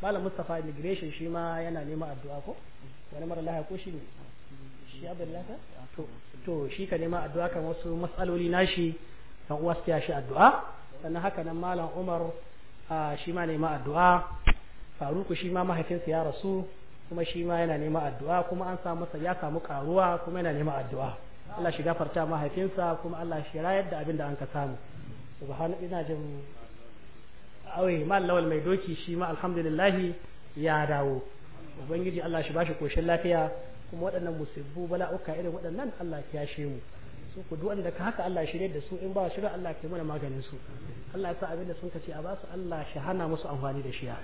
malam mustapha immigration shi ma yana neman addu'a ko wani mara lahaya ko shi ne shi abin lahiya to shi ka nema addu'a kan wasu matsaloli nashi kan uwa su shi addu'a sannan haka nan malam umar shi ma nema addu'a faruku shi ma mahaifinsa ya rasu kuma shi ma yana nema addu'a kuma an samu masa ya samu karuwa kuma yana nema addu'a Allah shi gafarta mahaifinsa kuma Allah shi rayar da abin da an ka samu subhanallahi ina jin awai mallawal mai doki shi ma alhamdulillah ya dawo ubangiji Allah shi bashi koshin lafiya kuma waɗannan musibbu bala'uka irin waɗannan Allah ya yashe mu su ku duk wanda ka haka Allah shirye da su in ba shirye Allah ya mana maganin su Allah ya sa abin da sun kace a ba su Allah shi hana musu amfani da shiya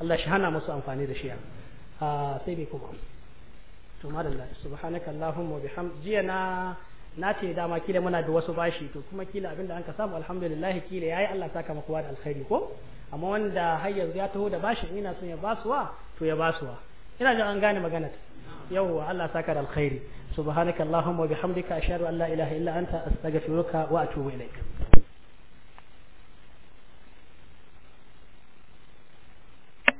Allah shi hana musu amfani da shiya a ah, sai bai kuma to madalla subhanaka allahumma bihamd jiya na na ce dama kila muna da wasu bashi to kuma kila abinda an ka samu alhamdulillah kila yayi Allah saka maka wa da alkhairi ko amma wanda har yanzu ya taho da bashi ina son ya basuwa to ya basuwa ina jin an gane magana yawwa Allah saka da alkhairi subhanakallahumma wa bihamdika ashhadu an la ilaha illa anta astaghfiruka wa atubu ilaik